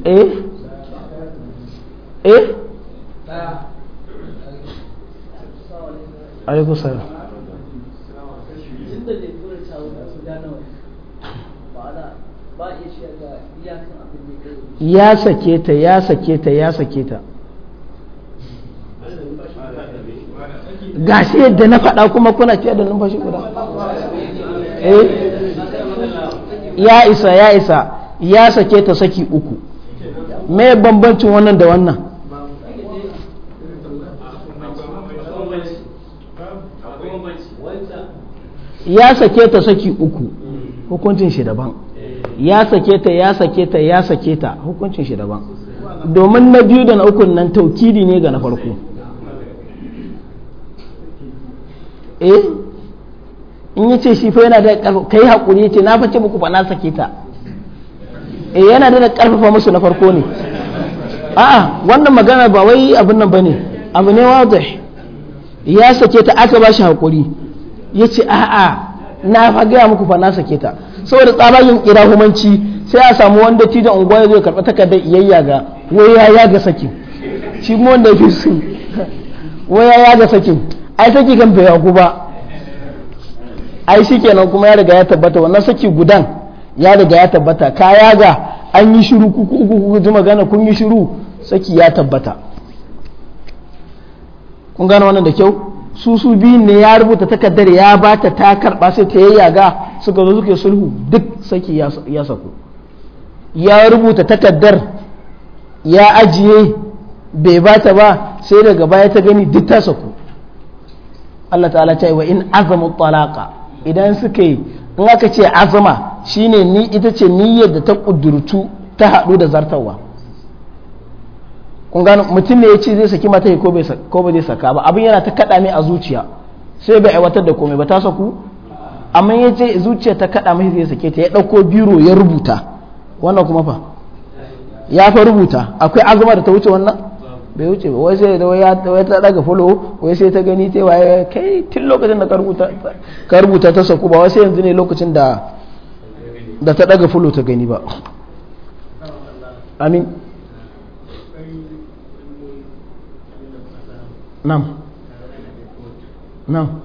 eh eh alaikum salam ya sake ta ya sake ta ya sake ta gashi yadda na faɗa kuma kuna ce da numfashi guda eh ya isa ya isa ya sake ta saki uku me bambancin wannan da wannan ya sake ta saki uku hukuncin shi daban ya sake ta ya sake ta ya sake ta hukuncin shi daban domin na biyu da na uku nan taukidi ne ga na farko eh in ce shi fa yana da kai hakuri ce na ce muku ba na sake ta eh yana da ƙarfafa musu na farko ne a'a wannan magana ba wai abin nan bane abu ne wadih ya sake ta aka ba shi hakuri ce a'a na fa gaya muku fa na sake ta saboda tsabayin kirahumanci sai a samu wanda tijan unguwa ya zo karɓa takardar iyayya ga waya ya ga sakin shi mu wanda yake su waya ya ga sakin ai saki kan bai yaku ba ai shi kenan kuma ya riga ya tabbata wannan saki gudan ya riga ya tabbata ka ya ga an yi shiru kuku uku kuku ji magana kun yi shiru saki ya tabbata kun gane wannan da kyau su su biyun ne ya rubuta takardar ya ba ta ta karɓa sai ta yayyaga suka zo suke sulhu duk saki ya saku ya rubuta takaddar ya ajiye bai bata ba sai daga baya ta gani duk ta saku Allah ta'ala ta yi wa in azamu talaka idan suka yi in aka ce azama shine ni ita ce niyyar da ta kudurtu ta haɗu da zartawa kun mutum ne ya ce zai saki mata ko ba zai saka ba abin yana ta kaɗa ne a zuciya sai bai aiwatar da komai ba ta saku amma ya je zuciya ta kaɗa mai zai sake ta ya ɗauko biro ya rubuta wannan kuma fa ya fa rubuta akwai azuma da ta wuce wannan bai wuce ba wai sai ya ta daga folo wai sai ta gani ta waye eh, kai tun lokacin da ka rubuta ta sauku ba wai sai yanzu ne lokacin da da ta daga folo ta gani ba amin nam nam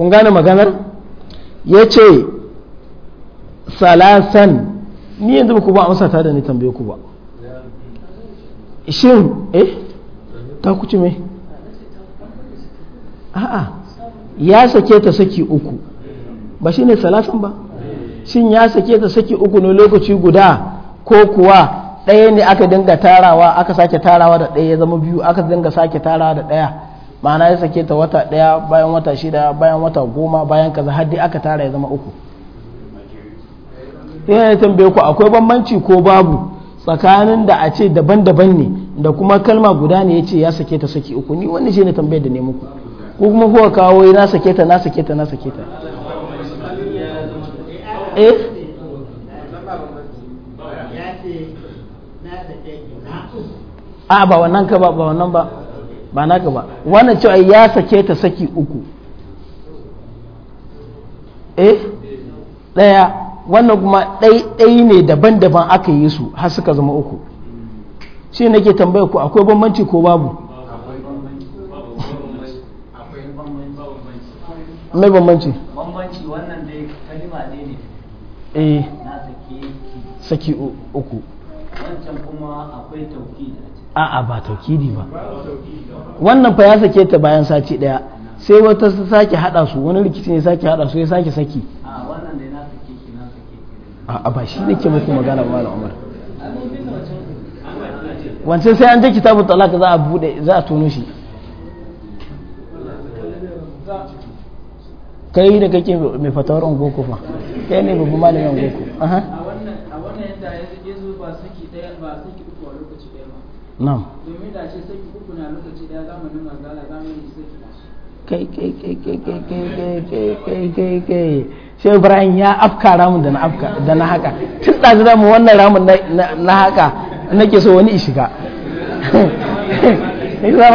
kun gane maganar ya ce salasan ni yanzu ba ku ba amsa ta da ni tambaye ku ba shin eh ta kuci me a'a ya sake ta saki uku ba shine salasan ba shin ya sake ta saki uku ne lokaci guda ko kuwa ɗaya ne aka dinga tarawa aka sake tarawa da ɗaya ya zama biyu aka dinga sake tarawa da ɗaya ma'ana ya sake ta wata ɗaya bayan wata shida bayan wata goma bayan kaza har dai aka tara ya zama uku eh, ya tambaye ku akwai bambanci ko babu tsakanin da a ce daban-daban ne da kuma kalma guda ne ya ce ya sake ta saki uku ni wani shi ne tambayar da ne muku ko kuma kuwa kawo eh, na sake ta na sake ta na sake ta eh a ah, ba wannan ka ba ba wannan ba ba naka ba wannan cewa ya sake ta saki uku eh ɗaya wannan kuma ɗai ne daban-daban aka yi su har suka zama uku shi nake tambaya ku akwai bambanci ko babu mai bambanci bambanci wannan dai kalima ne eh na saki uku wancan kuma akwai tauki da a'a ba taukidi ba wannan fa ya sake ta bayan sace daya sai wata sake hada su wani rikici ne sake hada su ya sake saki a ba shi nake muku magana ba malam Umar wancan sai an je kitabu talaka za a bude za a tono shi kai da kake mai fatawar an goko fa kai ne babu malamin an goko a wannan yadda ya zo ba saki daya ba saki na'am domin da ce saki uku kai kai kai kai kai kai kai kai kai kai ibrahim ya afka da na haka tun da mu wannan na haka nake so wani shiga ya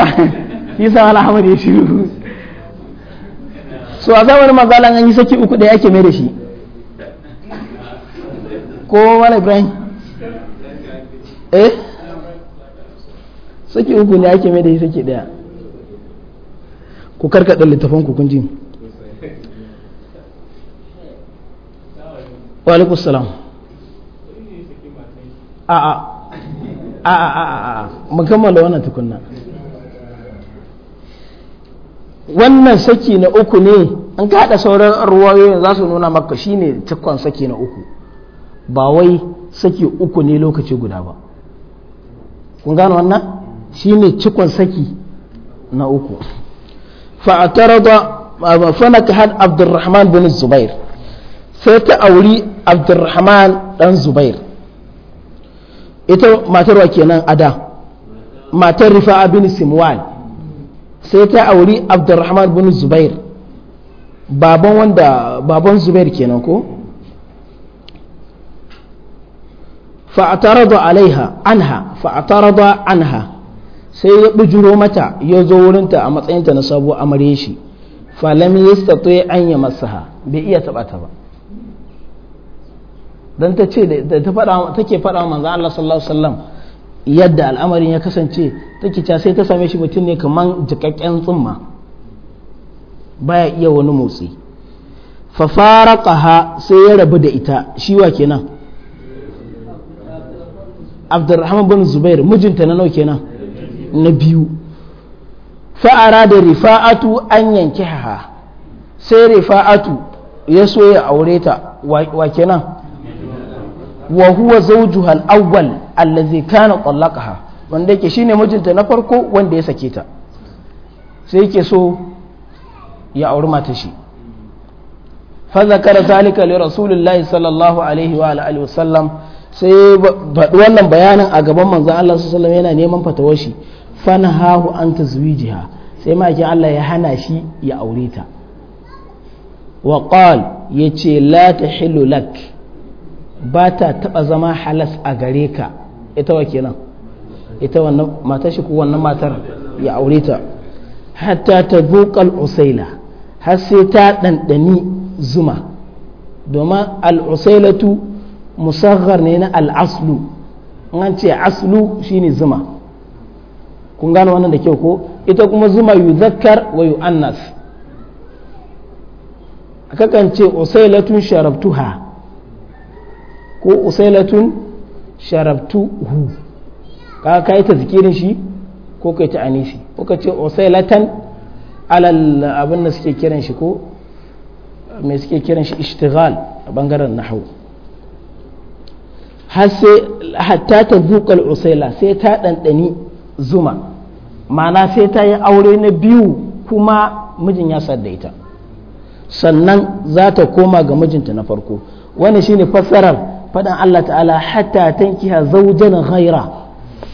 so a mazalan an yi saki uku da yake mai da shi ko wani ibrahim eh saki uku ne ake mai da saki daya ku karkada littafin ku kun ji wa alaikum salam a a a a a mu kammala wannan tukunna wannan saki na uku ne an kada sauran ruwayoyin za su nuna maka shine cikon saki na uku ba wai saki uku ne lokaci guda ba kun gano wannan shine cikon saki na uku fa'atarada fanaka had abdurrahman bin zubair sai ta auri abdurrahman dan zubair ita matar wa kenan ada matar rifa'a bin simwan sai ta auri abdurrahman bin zubair baban wanda baban zubair kenan ko fa'atarada alaiha anha fa'atarada anha sai ya bujuro mata ya zo wurinta a matsayinta na sabo amare shi falam yastati an ya masaha bai iya taba ta ba dan ta ce da ta fada take fada manzo Allah sallallahu alaihi wasallam yadda al'amarin ya kasance take ta sai ta same shi mutum ne kaman jikakken tsumma baya iya wani motsi fa faraqaha sai ya rabu da ita shi wa kenan Abdurrahman bin Zubair mijinta na nau kenan na biyu fa'ara da rifa'atu an yanki haha sai rifa'atu ya so ya aure ta wa kenan wa huwa zawjuha al-awwal allazi kana ha, wanda yake shine mijinta na farko wanda ya sake ta sai yake so ya auri mata shi fa zakara zalika li rasulillahi sallallahu alaihi wa alihi wasallam sai faɗi wannan bayanin a gaban manzan Allah su salama yana neman fatawar shi fana hahu an ta jiha sai maki Allah ya hana shi ya aure ta wa ya ce la ta lak ba ta taɓa zama halas a gare ka ita wa kenan ita wannan matar shi ko wannan matar ya aure ta hatta ta zuƙa usaila har sai ta ɗanɗani zuma domin al'usailatu musaghar ne na al'aslu an ce aslu shine zuma kun gano wannan da kyau ko ita kuma zuma yuzakkar wa yu'annas kakan ce usailatun sharabtuha ko usailatun sharabtuhu ka kai ta zikirin shi ko kai ta anisi ko ka ce usailatan alal abin da suke kiran shi ko me suke kiran shi ishtighal a bangaren nahwu hatta ta zuƙar usaila sai ta ɗanɗani zuma mana sai ta yi aure na biyu kuma mijin ya ita sannan za ta koma ga mijinta na farko wani shine fassarar faɗin Allah ta'ala hatta tankiha zaujan ghaira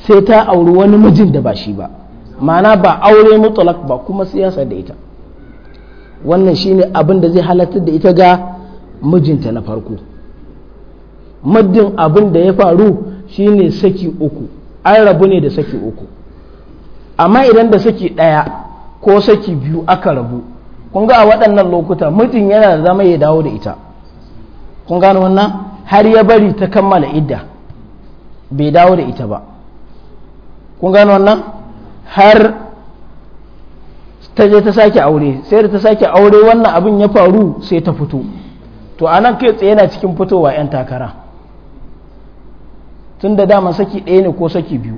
sai ta auri wani mijin da ba shi ba mana ba aure mutlak ba kuma siyasa da ita wannan shine abin da zai halatta da ita ga mijinta na farko maddin abin da ya faru shine saki uku an rabu ne da saki uku amma idan da saki ɗaya ko saki biyu aka rabu kun ga a waɗannan lokuta mutum yana da zama ya dawo da ita kun gano wannan har ya bari ta kammala idda bai dawo da ita ba kun gano wannan har ta je ta sake aure sai da ta sake aure wannan abin ya faru sai ta fito to anan kai tsaye yana cikin fitowa 'yan takara tun da dama saki ɗaya ne ko saki biyu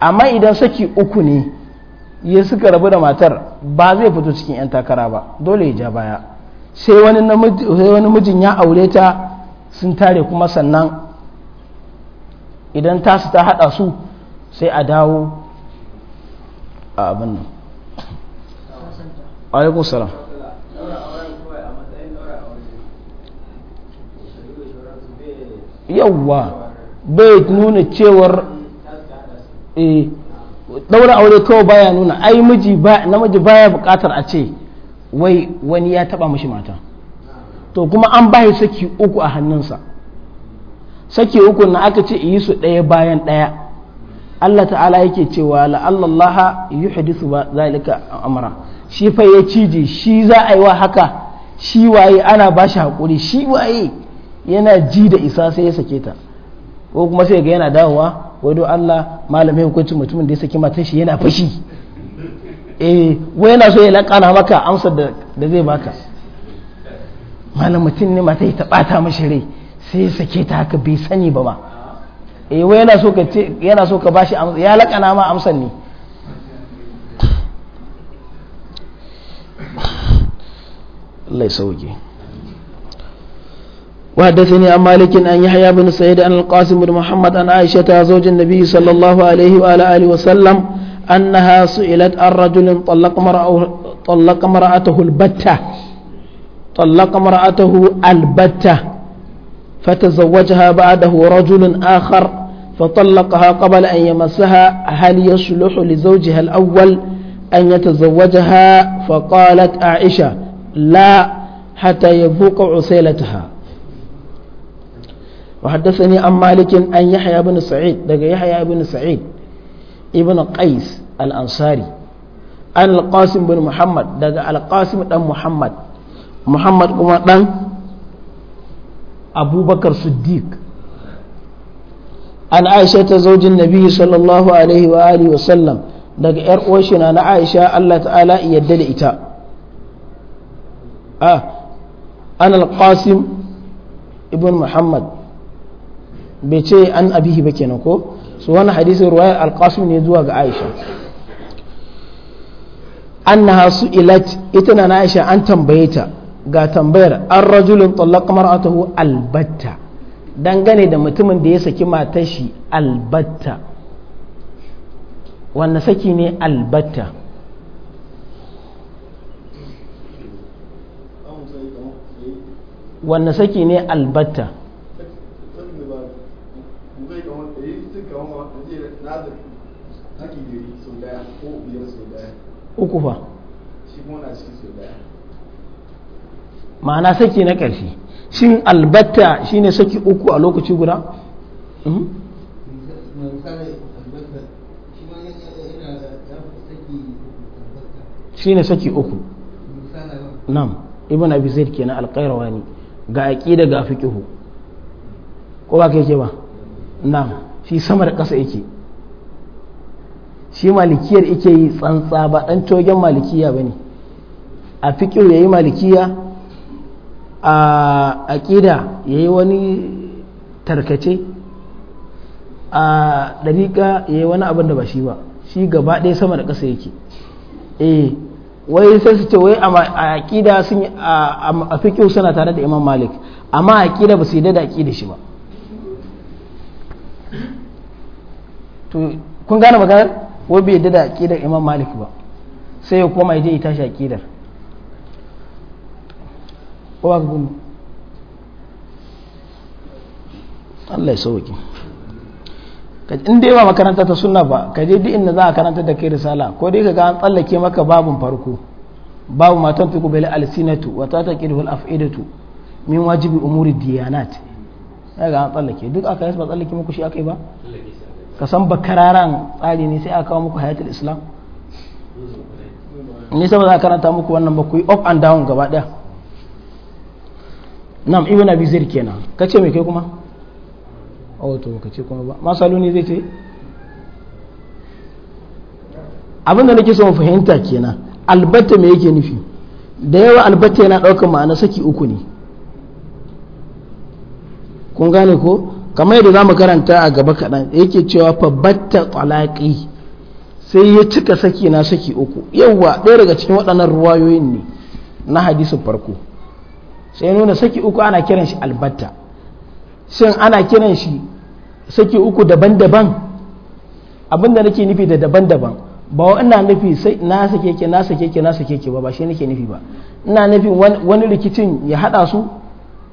amma idan saki uku ne ya suka rabu da matar ba zai fito cikin 'yan takara ba dole ya ja baya sai wani mijin ya aure ta sun tare kuma sannan idan tasu ta haɗa su sai a dawo a abin nan bai nuna cewar daura eh, aure kawai baya nuna ai miji namiji baya bukatar a ce wai wani ya taba mashi mata to kuma an bai saki uku a hannunsa saki uku na aka ce yi su ɗaya bayan ɗaya Allah ta'ala yake cewa la'allallaha yuhdithu zalika amra shi fa ya cije shi za a yi wa haka shi waye ana ba shi hakuri shi waye yana ji da isa sai ya sake ta ko kuma sai ga yana dawowa wai don Allah malamin hukuncin mutumin da ya saki matan shi yana fashi eh wai yana so ya lakana maka amsar da zai baka malam mutum ne mata ta bata mashi rai sai ya sake ta haka bai sani ba ma eh wai yana so ka yana so ka bashi amsa ya lakana ma amsar ne Allah ya sauke وحدثني عن مالك أن يحيى بن سعيد أن القاسم بن محمد أن عائشة زوج النبي صلى الله عليه وعلى آله وسلم أنها سئلت عن رجل طلق مرأة طلق امرأته البتة طلق امرأته البتة فتزوجها بعده رجل آخر فطلقها قبل أن يمسها هل يصلح لزوجها الأول أن يتزوجها فقالت عائشة لا حتى يذوق عسيلتها وحدثني عن مالك عن يحيى بن سعيد دقى يحيى بن سعيد ابن قيس الأنصاري عن القاسم بن محمد دقى القاسم بن محمد محمد كما دان أبو بكر الصديق عن عائشة زوج النبي صلى الله عليه وآله وسلم دقى إرقوشنا عن عائشة الله تعالى يدل إتا آه أنا القاسم ابن محمد bai ce an abihi ba kenan ko su wani hadisin ruwayar alkasu ne zuwa ga aisha annaha ilat ita na aisha an tambaye ta ga tambayar an rajulun tallaqa mar'atahu albatta dangane da mutumin da ya saki matar shi albatta wanne saki ne albatta wanne saki ne albatta uku fa ma'ana saki na ƙarshe shin albatta shine saki uku a lokaci guda mhm. shine saki uku nam ibn abi zaid kenan alqairawani ga aqida ga fiqhu ko ba kai ke ba nam shi sama da ƙasa yake shi malikiyar ike yi tsantsa ba dan togen malikiya ba ne a fikiyo ya yi malikiya a aƙida ya yi wani tarkace a ɗariƙa ya yi wani abin da ba shi ba shi gaba ɗaya sama da ƙasa yake eh wai sai su ce wai a aƙida sun a fikiyo suna tare da imam malik amma a aƙida ba su yi da aƙida shi ba to kun gane maganar ko bai yadda da aqidar imam malik ba sai ya koma ya ya tashi aƙidar ko ba gudu allai sauki in dai ba makaranta ta suna ba ka je duk inda za a karanta da kai risala ko dai ka ga an tsallake maka babin farko babu matan fi kubali alsinatu wa ta ta kirhul af'idatu min wajibi umuri diyanat ya ga an tsallake duk aka yi ba tsallake maku shi aka yi ba ka san bakararan tsari ne sai aka kawo muku hayatul islam ni sai ba za karanta muku wannan ba ku yi up and down gaba daya nam ibn abi zir kenan kace me kai kuma oh to kace kuma ba masaluni zai ce abin da nake so mu fahimta kenan albatta me yake nufi da yawa albatta yana daukar ma'ana saki uku ne kun gane ko kamar yadda mu karanta a gaba kaɗan yake cewa fa batta talaqi sai ya cika saki na saki uku yauwa ɗaya daga cikin waɗannan ruwayoyin ne na hadisin farko sai nuna saki uku ana kiran shi albatta shin ana kiran shi saki uku daban-daban abinda nake nufi da daban-daban ba wa ina nufi sai na sake ke na sake ke na sake ke ba ba shi nake nufi ba ina nufin wani rikicin ya hada su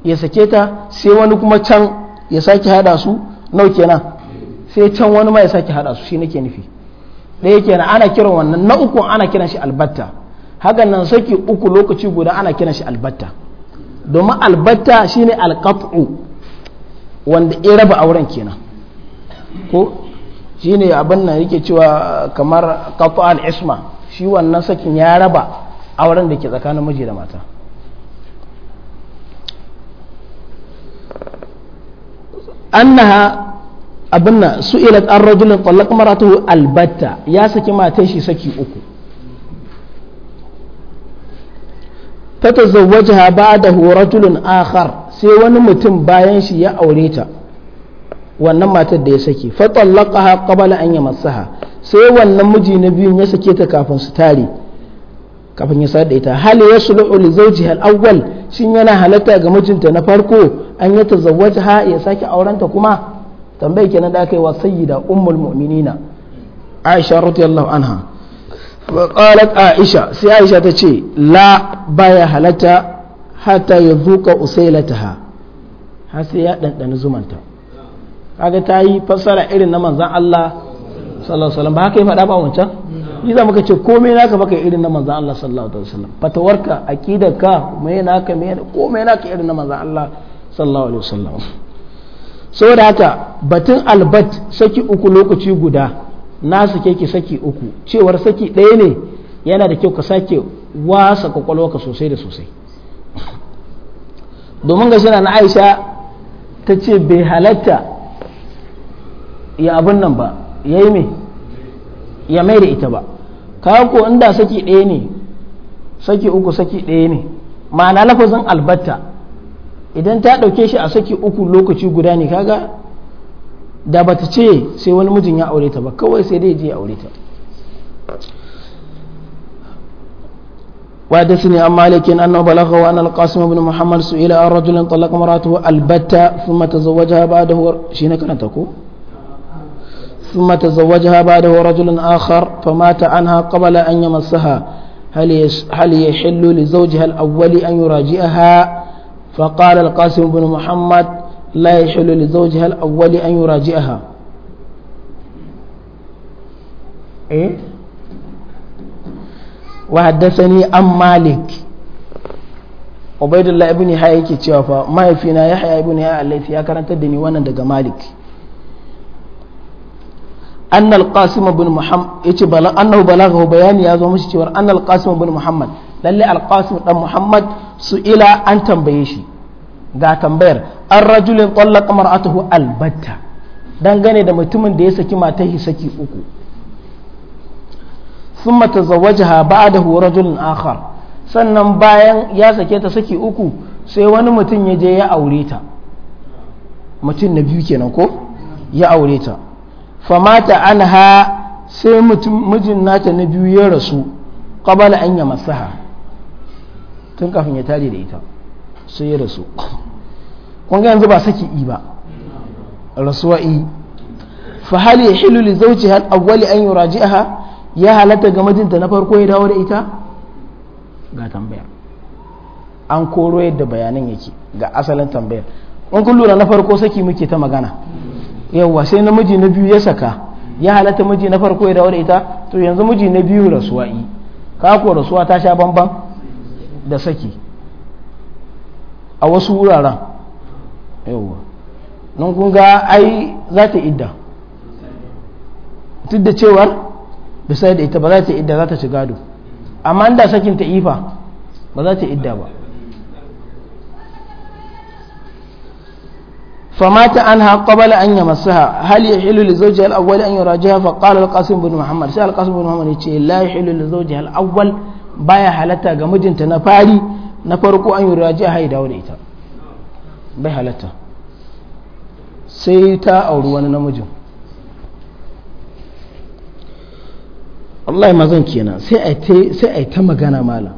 ya sake ta sai wani kuma can ya sake hada su nau kenan sai can wani ma ya sake hada su shi nake nufi ɗaya kenan ana kiran wannan na uku ana kiran shi albatta haka nan saki uku lokaci guda ana kiran shi albatta domin albatta shine alqat'u wanda ya raba auren kenan ko shine abin nan yake cewa kamar al isma shi wannan sakin ya raba auren da ke tsakanin miji da mata annaha abinna su an rajulin talaq maratuhu albatta ya saki matan shi saki uku ta bada ba'dahu horatulun akhar sai wani mutum bayan shi ya aure ta wannan matar da ya saki fa talaqaha qabla an yamassaha sai wannan miji na biyun ya sake ta kafin su tare kafin ya sadaita ita hal yasluhu li zawjiha al-awwal shin yana halatta ga mijinta na farko an yi tazawwajha ya sake aurenta kuma tambaye kenan da aka yi wa sayyida ummul mu'minina aisha radiyallahu anha fa qalat aisha sai aisha ta ce la baya halatta hatta yazuka usailataha har sai ya dandana zumanta kaga ta yi fassara irin na manzon Allah sallallahu alaihi wasallam ba haka yi faɗa ba wancan ni za ka ce komai naka baka irin na manzon Allah sallallahu alaihi wasallam fatawarka aqidarka me naka me komai naka irin na manzon Allah sallallahu alaihi wasallam saboda haka batun albat saki uku lokaci guda na sake ke saki uku cewar saki ɗaya ne yana da kyau ka sake wasa ka sosai da sosai domin ga shi na aisha ta ce bai halatta ya abin nan ba ya yi ya mai da ita ba kawo ko inda saki ɗaya ne saki uku saki ɗaya ne ma'ana lafazin albatta idan ta ɗauke shi a saki uku lokaci guda ne kaga da bata ce sai wani mijin ya aure ta ba kawai sai dai je ya aure ta وحدثني عن مالك انه بلغه ان القاسم بن محمد سئل عن رجل طلق امراته البتة ثم تزوجها بعده شين كانت ثم تزوجها بعده رجل اخر فمات عنها قبل ان يمسها هل هل يحل لزوجها الاول ان يراجعها فقال القاسم بن محمد لا يحل لزوجها الأول أن يراجعها إيه؟ وحدثني عن مالك عبيد الله ابن يحيى yake da ni wannan Malik anna al-Qasim Muhammad yace bala annahu balaghahu bayani ya zo mishi cewa anna al Muhammad lalle alqasim dan muhammad su ila an tambaye shi ga tambayar an rajulin kamar mar'atuhu albatta dangane da mutumin da ya saki yi saki uku thumma da ba'dahu rajulun akhar sannan bayan ya sake ta saki uku sai wani mutum ya je ya aure ta mutum na biyu kenan ko ya aure ta famata ha sai mijin nata na biyu ya rasu kabala an ya masaha tun kafin ya tare da ita sai ya rasu kun yanzu ba saki yi ba rasuwa yi fa hal hilu li zauci hal awwali an yuraji'aha ya halatta ga mijinta na farko ya dawo da ita ga tambayar an koro yadda bayanan yake ga asalin tambayar in kun lura na farko saki muke ta magana yawwa sai na miji na biyu ya saka ya halatta miji na farko ya dawo da ita to yanzu miji na biyu rasuwa rasuwa'i kako rasuwa ta sha bambam. da saki a wasu wuraren yawwa nan kun ga ai za ta idda tun da cewar bisa da ita ba za ta idda za ta ci gado amma da sakin ta ifa ba za ta idda ba فمات عنها قبل أن يمسها هل يحل لزوجها الأول أن يراجعها فقال القاسم بن محمد سأل القاسم بن محمد لا يحل لزوجها الأول baya halatta ga mijinta na fari na farko an yi raji a dawo da ita bai halatta sai ta auri wani namijin Allah mazan kenan sai a ta magana malam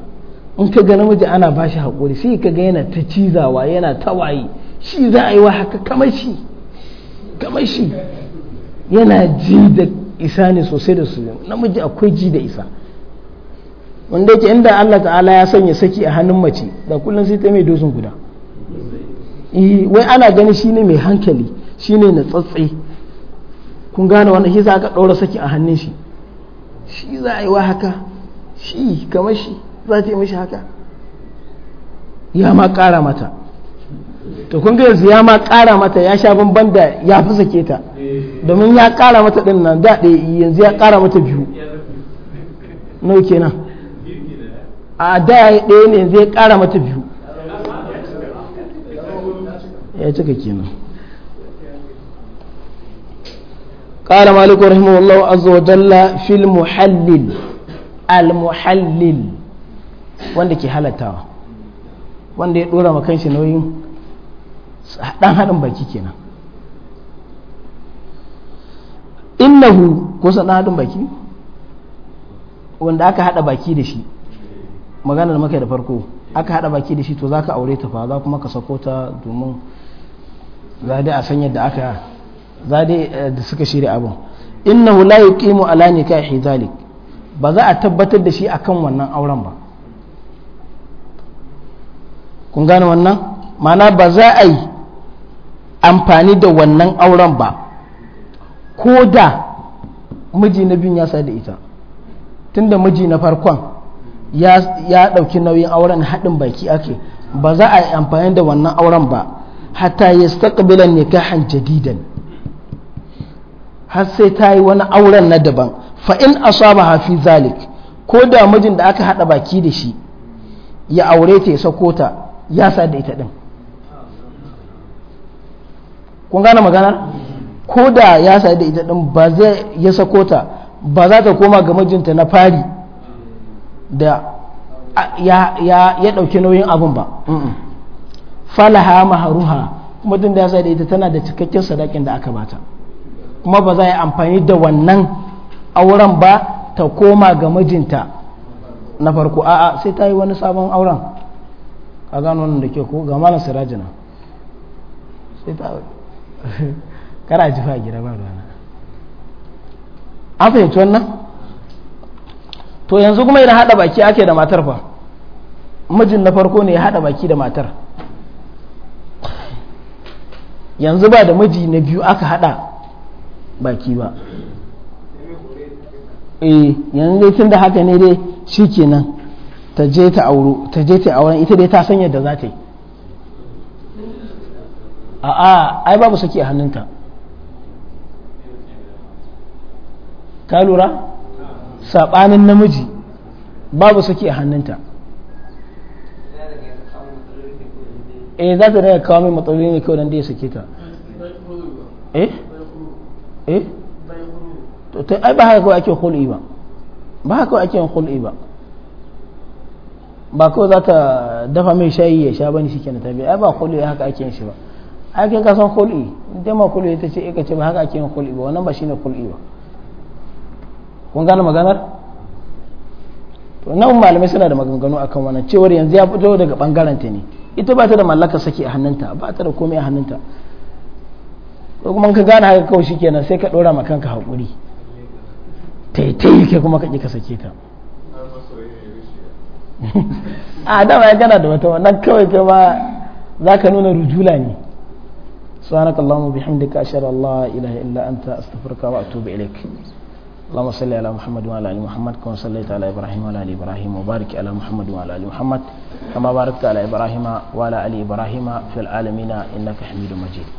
in ka ga namiji ana ba shi haƙuri sai ka ga yana ta cizawa yana tawaye shi za a yi wa haka kamar shi yana ji da isa ne sosai da su namiji akwai ji da isa wanda yake inda Allah ta'ala ya sanya saki a hannun mace da kullum sai ta mai dozin guda eh, wai ana gani shine mai hankali shine na tsatsai kun gane wannan shi za ka ɗaura saki a hannun shi shi za a yi wa haka shi kamar shi za ta yi mishi haka ya ma ƙara mata to kun ga yanzu ya ma ƙara mata ya sha bamban da ya fi sake ta domin ya ƙara mata ɗin nan da ɗaya yanzu ya ƙara mata biyu nau kenan a da ɗaya ne zai ƙara mata biyu ya ka kenan قال مالك a zo dalla fil في al wanda ke halatawa wanda ya ɗora ma shi nauyin ɗan haɗin baki kenan innahu ko sa ɗan haɗin baki wanda aka haɗa baki da shi maganar maka da farko aka hada baki da shi to zaka aure ta fa za kuma ka sako ta domin za dai a san yadda aka za dai eh, da suka shirya abin innahu la yuqimu ala nikahi zalik ba za a tabbatar da shi akan wannan auren ba kun gane wannan mana ba za a yi amfani da wannan auren ba ko da miji na biyun ya sa da ita tunda miji na farkon ya ɗauki nauyin auren haɗin baki ake ba za a yi amfani da wannan auren ba hatta ya ne ka hanci didan har sai ta yi wani auren na daban fa'in asaba hafi zalik ko da mijin da aka haɗa baki da shi ya aure ta ya sako ta ya sa da ita ɗin kun gane maganar ko da ya sa da ita ɗin ba zai ya sako ta ba za ta koma ga mijinta na fari da ya ɗauki nauyin abin ba falaha maharuha kuma tun da ya da ita tana da cikakken sadakin da aka bata kuma ba za a yi amfani da wannan auren ba ta koma ga mijinta na farko a'a sai ta yi wani sabon auren Ka gano wannan da ke ko ga malam sirajina sai ta kara jifa gida ba ruwana an fahimci wannan to yanzu kuma idan haɗa baki ake da matar fa mijin na farko ne ya haɗa baki da matar yanzu ba da miji na biyu aka haɗa baki ba eh yanzu dai tun da haka ne dai shi kenan ta je ta auro ta je ta auren ita dai ta san yadda za ta yi a'a ai babu saki a hannunta ka lura saɓanin namiji babu saki a hannunta e za ta daga kawo mai matsaloli ne kawai don da ya sake ta eh eh to ta ai ba haka kawai ake hul'i ba ba haka kawai ake hul'i ba ba kawai za ta dafa mai shayi ya sha bane shike na tabi ai ba hul'i haka ake yin shi ba ai kin ka san hul'i dai ma hul'i ta ce ita eh ce ba haka ake yin hul'i ba wannan ba shine hul'i ba kun gane maganar to nan malamai suna da maganganu akan wannan cewar yanzu ya fito daga bangaren ta ne ita ba ta da mallaka saki a hannunta ba ta da komai a hannunta ko kuma ka gane haka kawai shikenan sai ka dora ma kanka hakuri taitai ke kuma ka ki ka sake ta a da ya gana da wata wannan kawai ke ma za ka nuna rujula ne subhanakallahumma bihamdika ashhadu an la ilaha illa anta astaghfiruka wa atubu ilaik اللهم صل على محمد وعلى ال محمد كما صليت على ابراهيم وعلى ال ابراهيم وبارك على محمد وعلى ال محمد كما باركت على ابراهيم وعلى ال ابراهيم في العالمين انك حميد مجيد